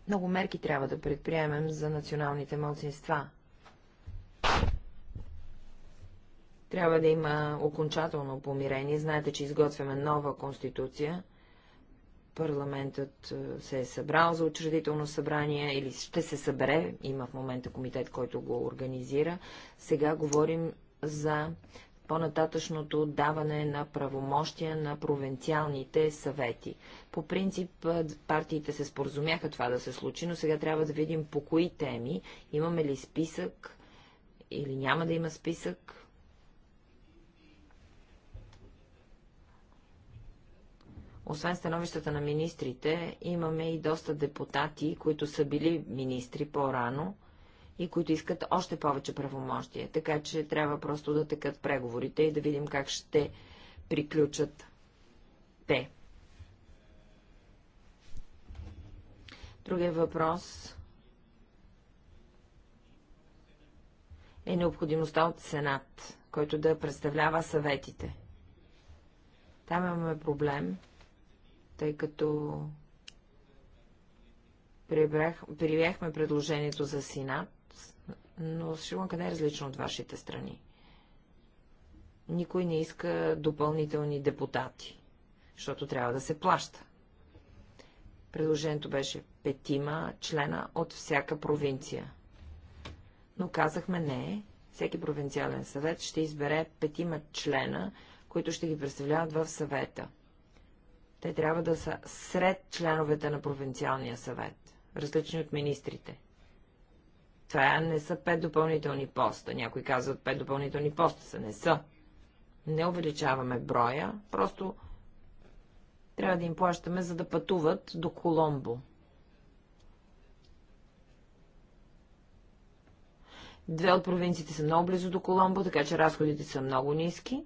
Много мерки трябва да предприемем за националните малцинства. Трябва да има окончателно помирение. Знаете, че изготвяме нова конституция. Парламентът е, се е събрал за учредително събрание или ще се събере. Има в момента комитет, който го организира. Сега говорим за по-нататъчното даване на правомощия на провинциалните съвети. По принцип е, партиите се споразумяха това да се случи, но сега трябва да видим по кои теми, имаме ли списък или няма да има списък, Освен становищата на министрите, имаме и доста депутати, които са били министри по-рано и които искат още повече правомощия. Така че трябва просто да текат преговорите и да видим как ще приключат те. Другия въпрос е необходимостта от Сенат, който да представлява съветите. Там имаме проблем, тъй като прибрах, прибяхме предложението за Синат, но Шиланка не е различно от вашите страни. Никой не иска допълнителни депутати, защото трябва да се плаща. Предложението беше петима члена от всяка провинция. Но казахме не, всеки провинциален съвет ще избере петима члена, които ще ги представляват в съвета – те трябва да са сред членовете на провинциалния съвет, различни от министрите. Това не са пет допълнителни поста. Някои казват пет допълнителни поста са. Не са. Не увеличаваме броя, просто трябва да им плащаме, за да пътуват до Коломбо. Две от провинциите са много близо до Коломбо, така че разходите са много ниски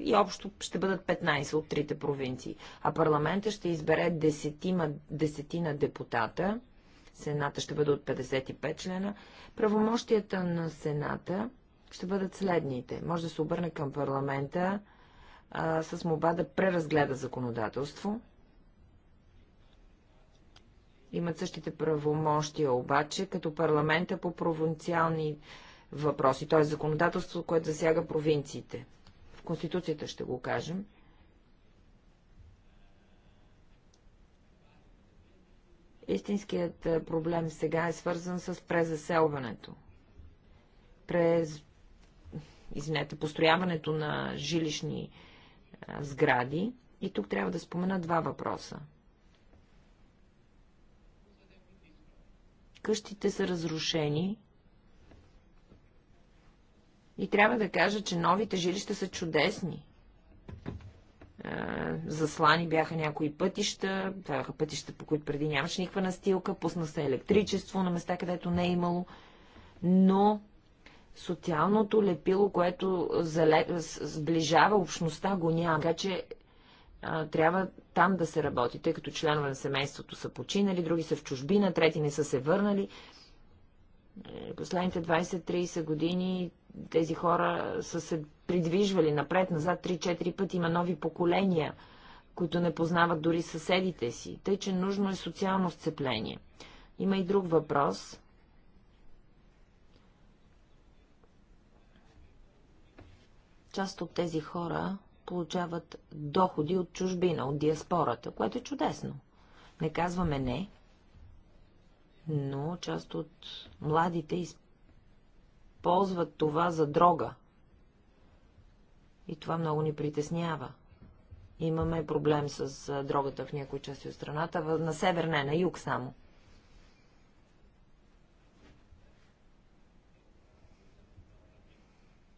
и общо ще бъдат 15 от трите провинции. А парламента ще избере десетима, десетина депутата. Сената ще бъде от 55 члена. Правомощията на Сената ще бъдат следните. Може да се обърне към парламента а, с моба да преразгледа законодателство. Имат същите правомощия обаче, като парламента по провинциални въпроси, т.е. законодателство, което засяга провинциите. Конституцията ще го кажем. Истинският проблем сега е свързан с презаселването. През, извинете, построяването на жилищни сгради. И тук трябва да спомена два въпроса. Къщите са разрушени и трябва да кажа, че новите жилища са чудесни. Е, заслани бяха някои пътища, бяха пътища, по които преди нямаше никаква настилка, пусна се електричество на места, където не е имало, но социалното лепило, което сближава общността, го няма. Така че трябва там да се работи, тъй като членове на семейството са починали, други са в чужбина, трети не са се върнали. Е, последните 20-30 години тези хора са се придвижвали напред-назад 3-4 пъти. Има нови поколения, които не познават дори съседите си. Тъй, че нужно е социално сцепление. Има и друг въпрос. Част от тези хора получават доходи от чужбина, от диаспората, което е чудесно. Не казваме не, но част от младите изпълнят ползват това за дрога. И това много ни притеснява. Имаме проблем с дрогата в някои части от страната, на север не, на юг само.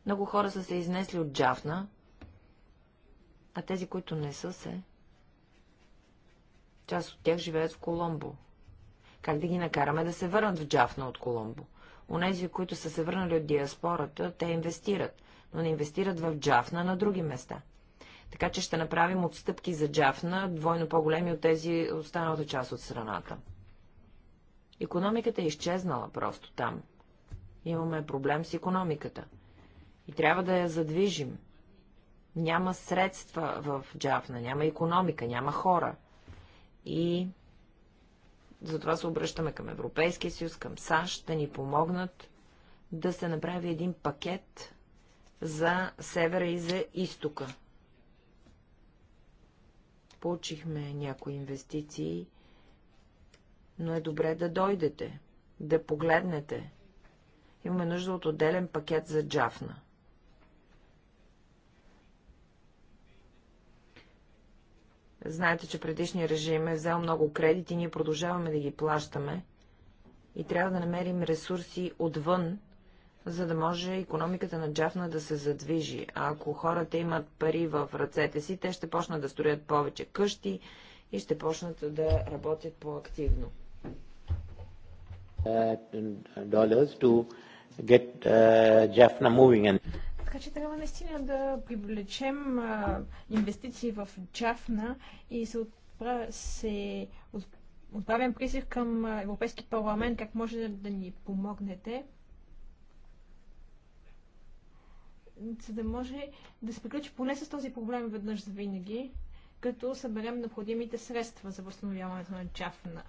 Много хора са се изнесли от Джафна, а тези, които не са се, част от тях живеят в Коломбо. Как да ги накараме да се върнат в Джафна от Коломбо? Онези, които са се върнали от диаспората, те инвестират, но не инвестират в Джафна на други места. Така че ще направим отстъпки за Джафна, двойно по-големи от тези останалата част от страната. Економиката е изчезнала просто там. Имаме проблем с економиката. И трябва да я задвижим. Няма средства в Джафна, няма економика, няма хора. И затова се обръщаме към Европейския съюз, към САЩ, да ни помогнат да се направи един пакет за севера и за изтока. Получихме някои инвестиции, но е добре да дойдете, да погледнете. Имаме нужда от отделен пакет за Джафна. Знаете, че предишния режим е взел много кредити, ние продължаваме да ги плащаме и трябва да намерим ресурси отвън, за да може економиката на Джафна да се задвижи. А ако хората имат пари в ръцете си, те ще почнат да строят повече къщи и ще почнат да работят по-активно. Uh, така че трябва наистина да привлечем а, инвестиции в Джафна и се, отправя, се от, отправям призив към Европейски парламент, как може да ни помогнете, за да може да се приключи поне с този проблем веднъж за винаги, като съберем необходимите средства за възстановяването на Джафна.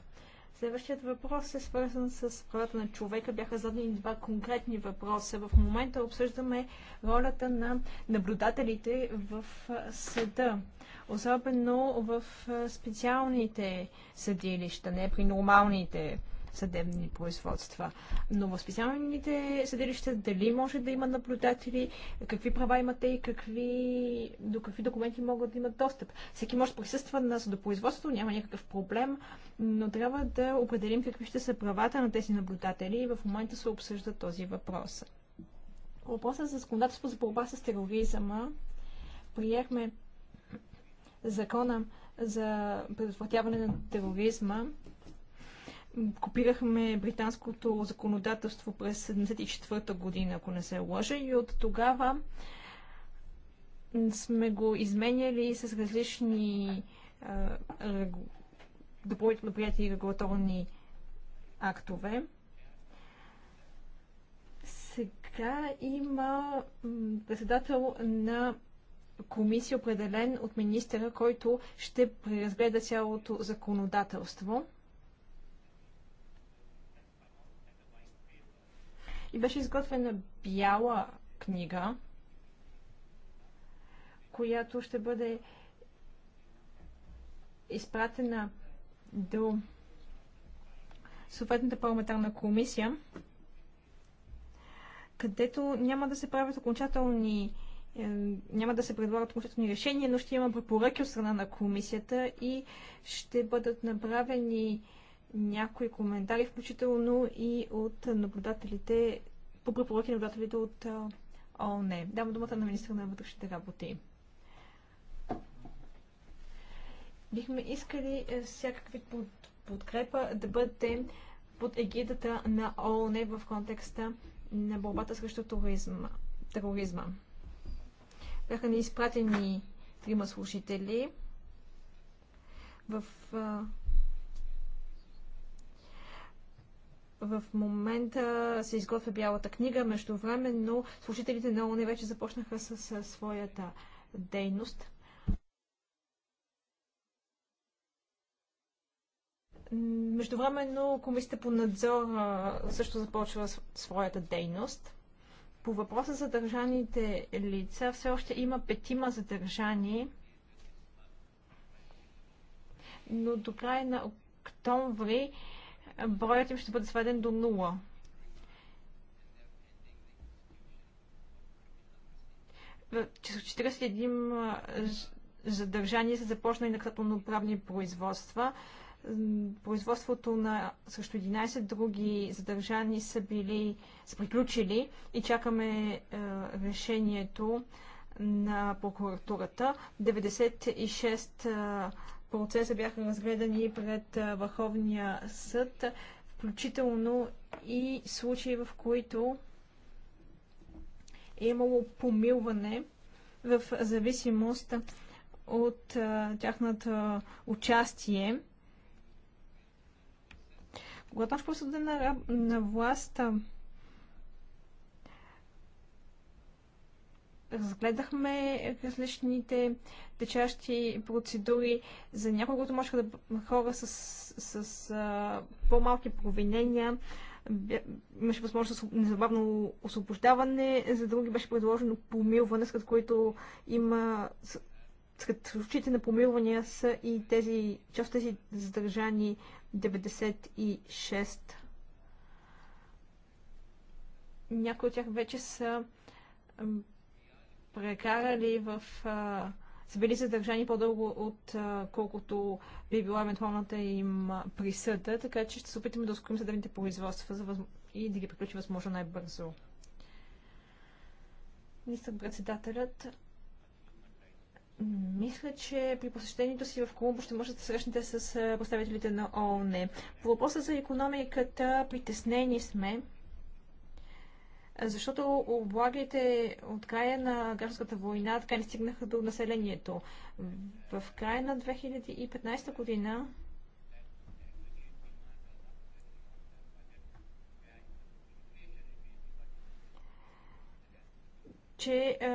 Следващият въпрос е свързан с правата на човека. Бяха зададени два конкретни въпроса. В момента обсъждаме ролята на наблюдателите в съда, особено в специалните съдилища, не при нормалните съдилища съдебни производства. Но в специалните съдилища дали може да има наблюдатели, какви права имате и какви, до какви документи могат да имат достъп. Всеки може да присъства на съдопроизводство, няма някакъв проблем, но трябва да определим какви ще са правата на тези наблюдатели и в момента се обсъжда този въпрос. Въпросът за законодателство за борба с тероризма. приехме закона за предотвратяване на тероризма копирахме британското законодателство през 1974 година, ако не се лъжа, и от тогава сме го изменяли с различни допълнително прияти регулаторни актове. Сега има председател на комисия, определен от министъра, който ще преразгледа цялото законодателство. и беше изготвена бяла книга, която ще бъде изпратена до съответната парламентарна комисия, където няма да се правят окончателни е, няма да се предлагат окончателни решения, но ще има препоръки от страна на комисията и ще бъдат направени някои коментари, включително и от наблюдателите, по препоръки на наблюдателите от ООН. Дам думата на министра на вътрешните работи. Бихме искали е, всякакви под, подкрепа да бъдете под егидата на ООН в контекста на борбата срещу туризма, тероризма. Бяха ни изпратени трима служители в В момента се изготвя бялата книга, междувременно служителите на ОНЕ вече започнаха с, с своята дейност. Междувременно комисията по надзор също започва своята дейност. По въпроса за държаните лица все още има петима задържани, но до края на октомври броят им ще бъде сведен до 0. В 41 задържания са започнали наказателно-правни производства. Производството на също 11 други задържани са били са приключили и чакаме е, решението на прокуратурата. 96 е, процеса бяха разгледани пред Върховния съд, включително и случаи, в които е имало помилване в зависимост от а, тяхната участие. Когато наш на, на власт разгледахме различните течащи процедури за няколкото можеха да хора с, с, с по-малки провинения. Имаше възможност за незабавно освобождаване, за други беше предложено помилване, след което има сред случаите на помилвания са и тези, част тези задържани 96. Някои от тях вече са прекарали в а, са били задържани по-дълго от а, колкото би била евентуалната им присъда, така че ще се опитаме да ускорим съдебните производства за възм... и да ги приключи възможно най-бързо. Министър-председателят мисля, че при посещението си в Колумбо ще можете да срещнете с представителите на ООН. По въпроса за економиката притеснени сме, защото облагите от края на гражданската война така не стигнаха до населението. В края на 2015 година че е,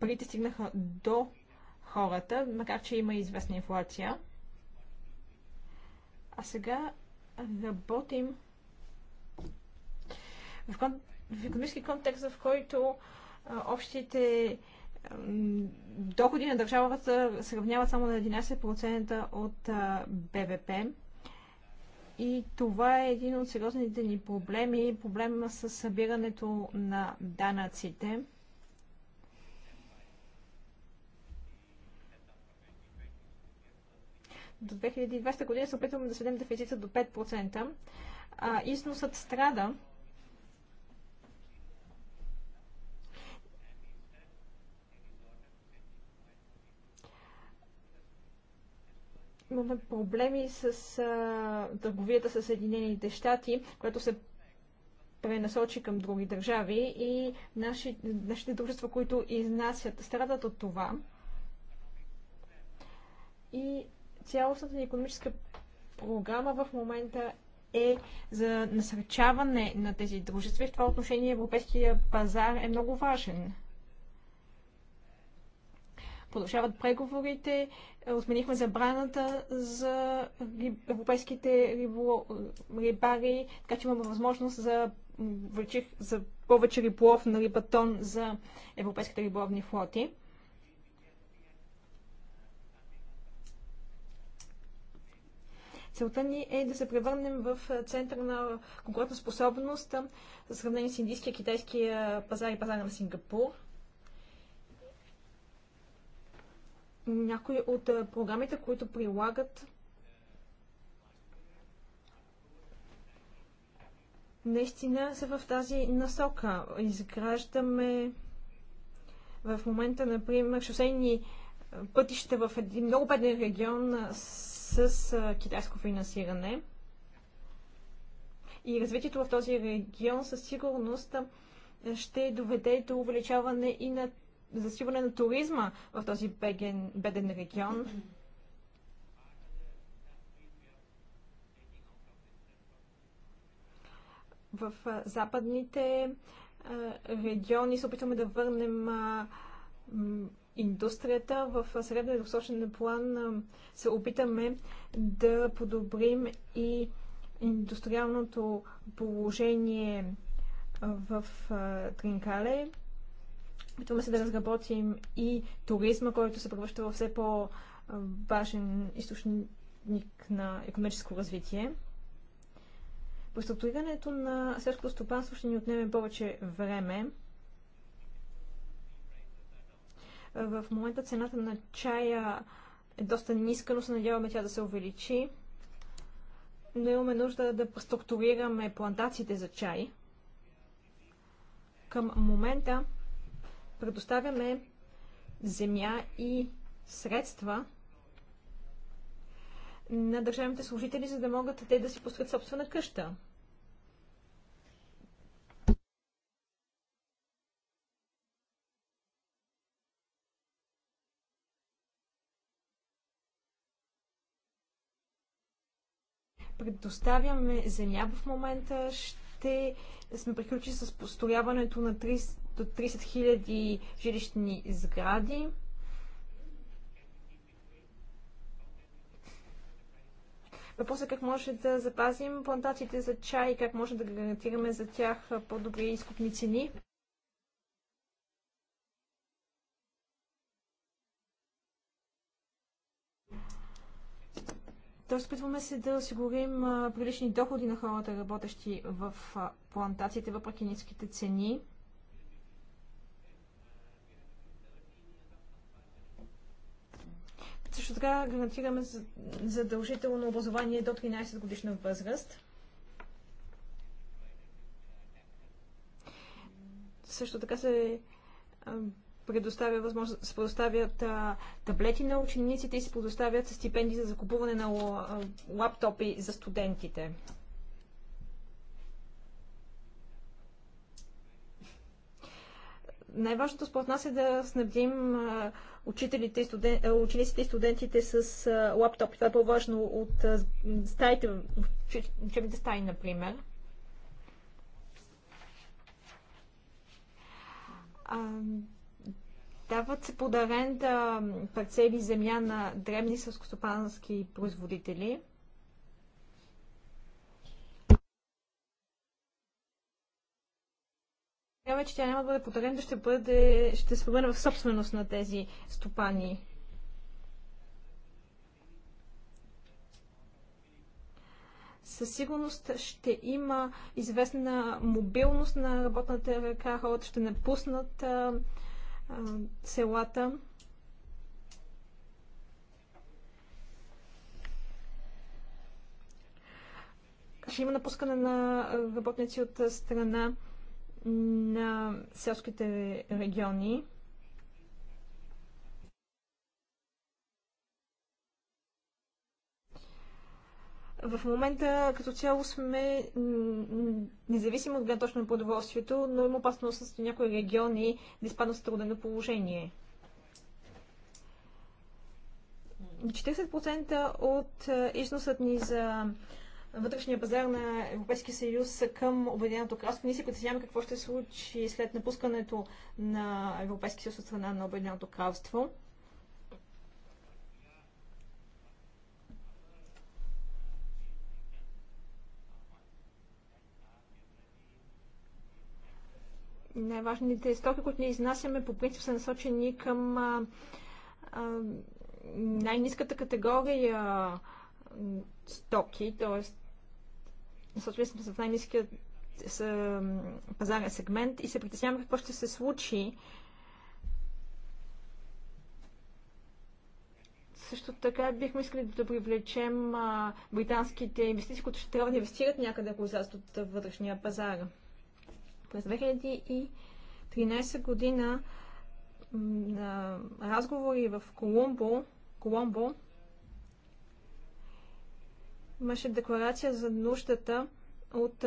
парите стигнаха до хората, макар че има известна инфлация. А сега работим в, кон... в економически контекст, в който а, общите доходи на държавата се равняват само на 11% от а, БВП. И това е един от сериозните ни проблеми, проблема с събирането на данъците. До 2020 година се опитваме да сведем дефицита до 5%. А, износът страда, имаме проблеми с а, търговията с Съединените щати, която се пренасочи към други държави и наши, нашите дружества, които изнасят, страдат от това. И цялостната ни економическа програма в момента е за насърчаване на тези дружества и в това отношение европейския пазар е много важен. Продължават преговорите. Е, Отменихме забраната за европейските рибо... рибари, така че имаме възможност за, за повече риболов на рибатон за европейските риболовни флоти. Целта ни е да се превърнем в център на конкурентоспособност, в сравнение с индийския, китайския пазар и пазара на Сингапур – някои от програмите, които прилагат наистина са в тази насока. Изграждаме в момента, например, шосейни пътища в един много беден регион с китайско финансиране. И развитието в този регион със сигурност ще доведе до увеличаване и на засилване на туризма в този беден, беден регион. В западните региони се опитваме да върнем индустрията. В досочен план се опитаме да подобрим и индустриалното положение в Тринкале. Опитваме се да разработим и туризма, който се превръща във все по-важен източник на економическо развитие. Преструктурирането на селското стопанство ще ни отнеме повече време. В момента цената на чая е доста ниска, но се надяваме тя да се увеличи. Но имаме нужда да преструктурираме плантациите за чай. Към момента предоставяме земя и средства на държавните служители, за да могат те да си построят собствена къща. предоставяме земя в момента. Ще сме приключили с построяването на до 30 000 жилищни сгради. Въпросът е как може да запазим плантациите за чай и как може да гарантираме за тях по-добри изкупни цени. Тоест, опитваме се да осигурим прилични доходи на хората, работещи в плантациите, въпреки ниските цени. Също така гарантираме задължително образование до 13 годишна възраст. Също така се предоставя възможност, се предоставят а, таблети на учениците и се предоставят стипендии за закупуване на лаптопи за студентите. най-важното според нас е да снабдим учителите, студен... учениците и студентите с лаптопи. Това е по-важно от стаите, учебните стаи, например. А, дават се подарен да парцели земя на дребни сълскостопански производители – Тогава, че тя няма да бъде подарен да ще, бъде, ще се върне в собственост на тези стопани. със сигурност ще има известна мобилност на работната ръка, хората ще напуснат а, а, селата. Ще има напускане на работници от страна селските региони. В момента като цяло сме независимо от гледна точка на продоволствието, но има опасност с някои региони да изпаднат в трудно положение. 40% от е, износът ни за вътрешния пазар на Европейския съюз към Обединеното кралство. Ние си притесняваме какво ще се случи след напускането на Европейския съюз от страна на Обединеното кралство. най-важните стоки, които ние изнасяме, по принцип са насочени към най-низката категория стоки, т.е. съответствие с най-низкия пазарен сегмент и се притесняваме какво ще се случи също така бихме искали да привлечем а, британските инвестиции, които ще трябва да инвестират някъде, ако излязат от вътрешния пазар. През 2013 година на разговори в Колумбо, Колумбо Имаше декларация за нуждата от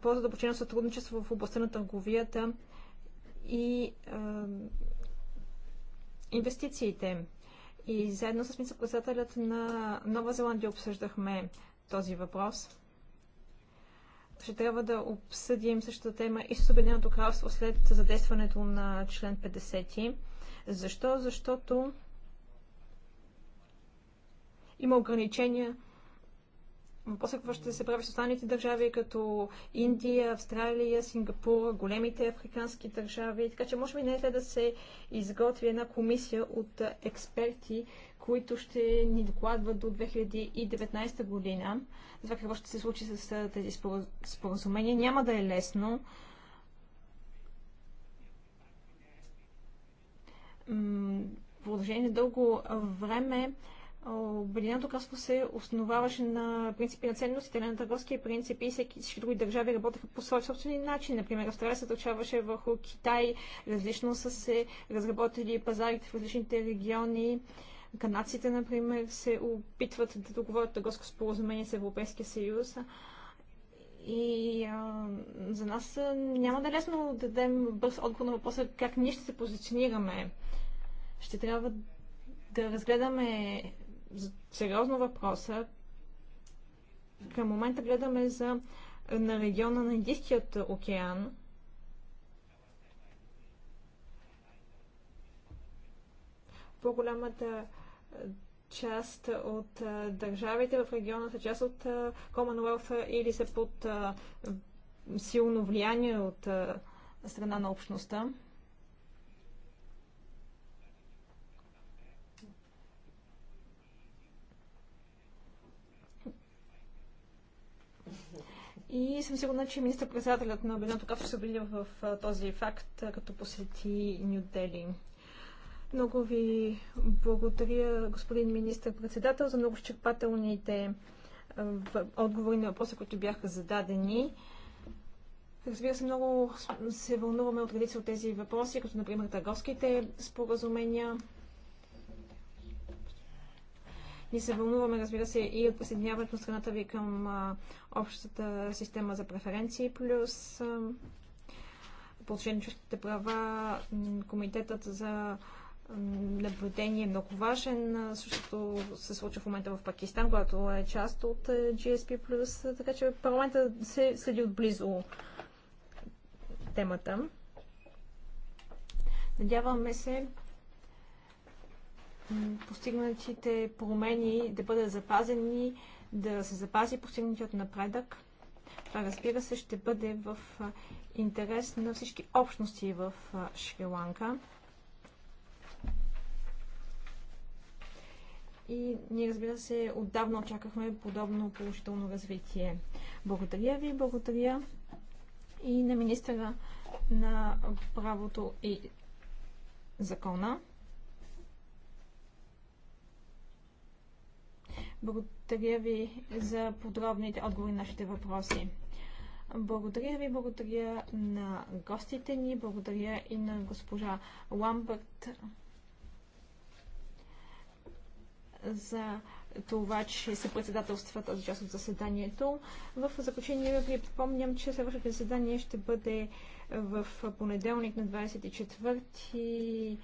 по-задълбочено сътрудничество в областта на търговията и а, инвестициите. И заедно с министър-председателят на Нова Зеландия обсъждахме този въпрос. Ще трябва да обсъдим същата тема и с Обединеното кралство след задействането на член 50. Защо? Защото има ограничения Въпросът какво ще се прави с останалите държави, като Индия, Австралия, Сингапур, големите африкански държави. Така че може би не е да се изготви една комисия от експерти, които ще ни докладват до 2019 година. За какво ще се случи с тези споразумения. Няма да е лесно. В продължение дълго време Обединеното кралство се основаваше на принципи на ценностите, на търговски принципи и всеки, всички други държави работеха по свой собствен начин. Например, Австралия се отличаваше върху Китай, различно са се разработили пазарите в различните региони. Канадците, например, се опитват да договорят търговско споразумение с Европейския съюз. И а, за нас няма да е лесно да дадем бърз отговор на въпроса как ние ще се позиционираме. Ще трябва да разгледаме сериозно въпроса. Към момента гледаме за, на региона на Индийският океан. По-голямата част от държавите в региона са част от Commonwealth или са под силно влияние от страна на общността. И съм сигурна, че министър-председателят на Обединеното ще се обиди в този факт, като посети Нью Дели. Много ви благодаря, господин министър-председател, за много изчерпателните отговори на въпроса, които бяха зададени. Разбира се, много се вълнуваме от редица от тези въпроси, като например търговските споразумения. Ние се вълнуваме, разбира се, и от присъединяването на страната ви към а, общата система за преференции, плюс а, по отношение на човешките права, комитетът за наблюдение е много важен. Същото се случва в момента в Пакистан, която е част от GSP+. Така че парламента се следи отблизо темата. Надяваме се постигнатите промени да бъдат запазени, да се запази постигнатият напредък. Това, разбира се, ще бъде в интерес на всички общности в Шри-Ланка. и ние, разбира се, отдавна очаквахме подобно положително развитие. Благодаря ви, благодаря и на министра на правото и закона. Благодаря ви за подробните отговори на нашите въпроси. Благодаря ви, благодаря на гостите ни, благодаря и на госпожа Ламбърт за това, че се председателства тази част от заседанието. В заключение ви припомням, че следващото заседание ще бъде в понеделник на 24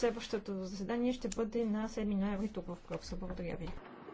Следващото заседание ще бъде на 7 ноември тук в Крокса. Благодаря ви.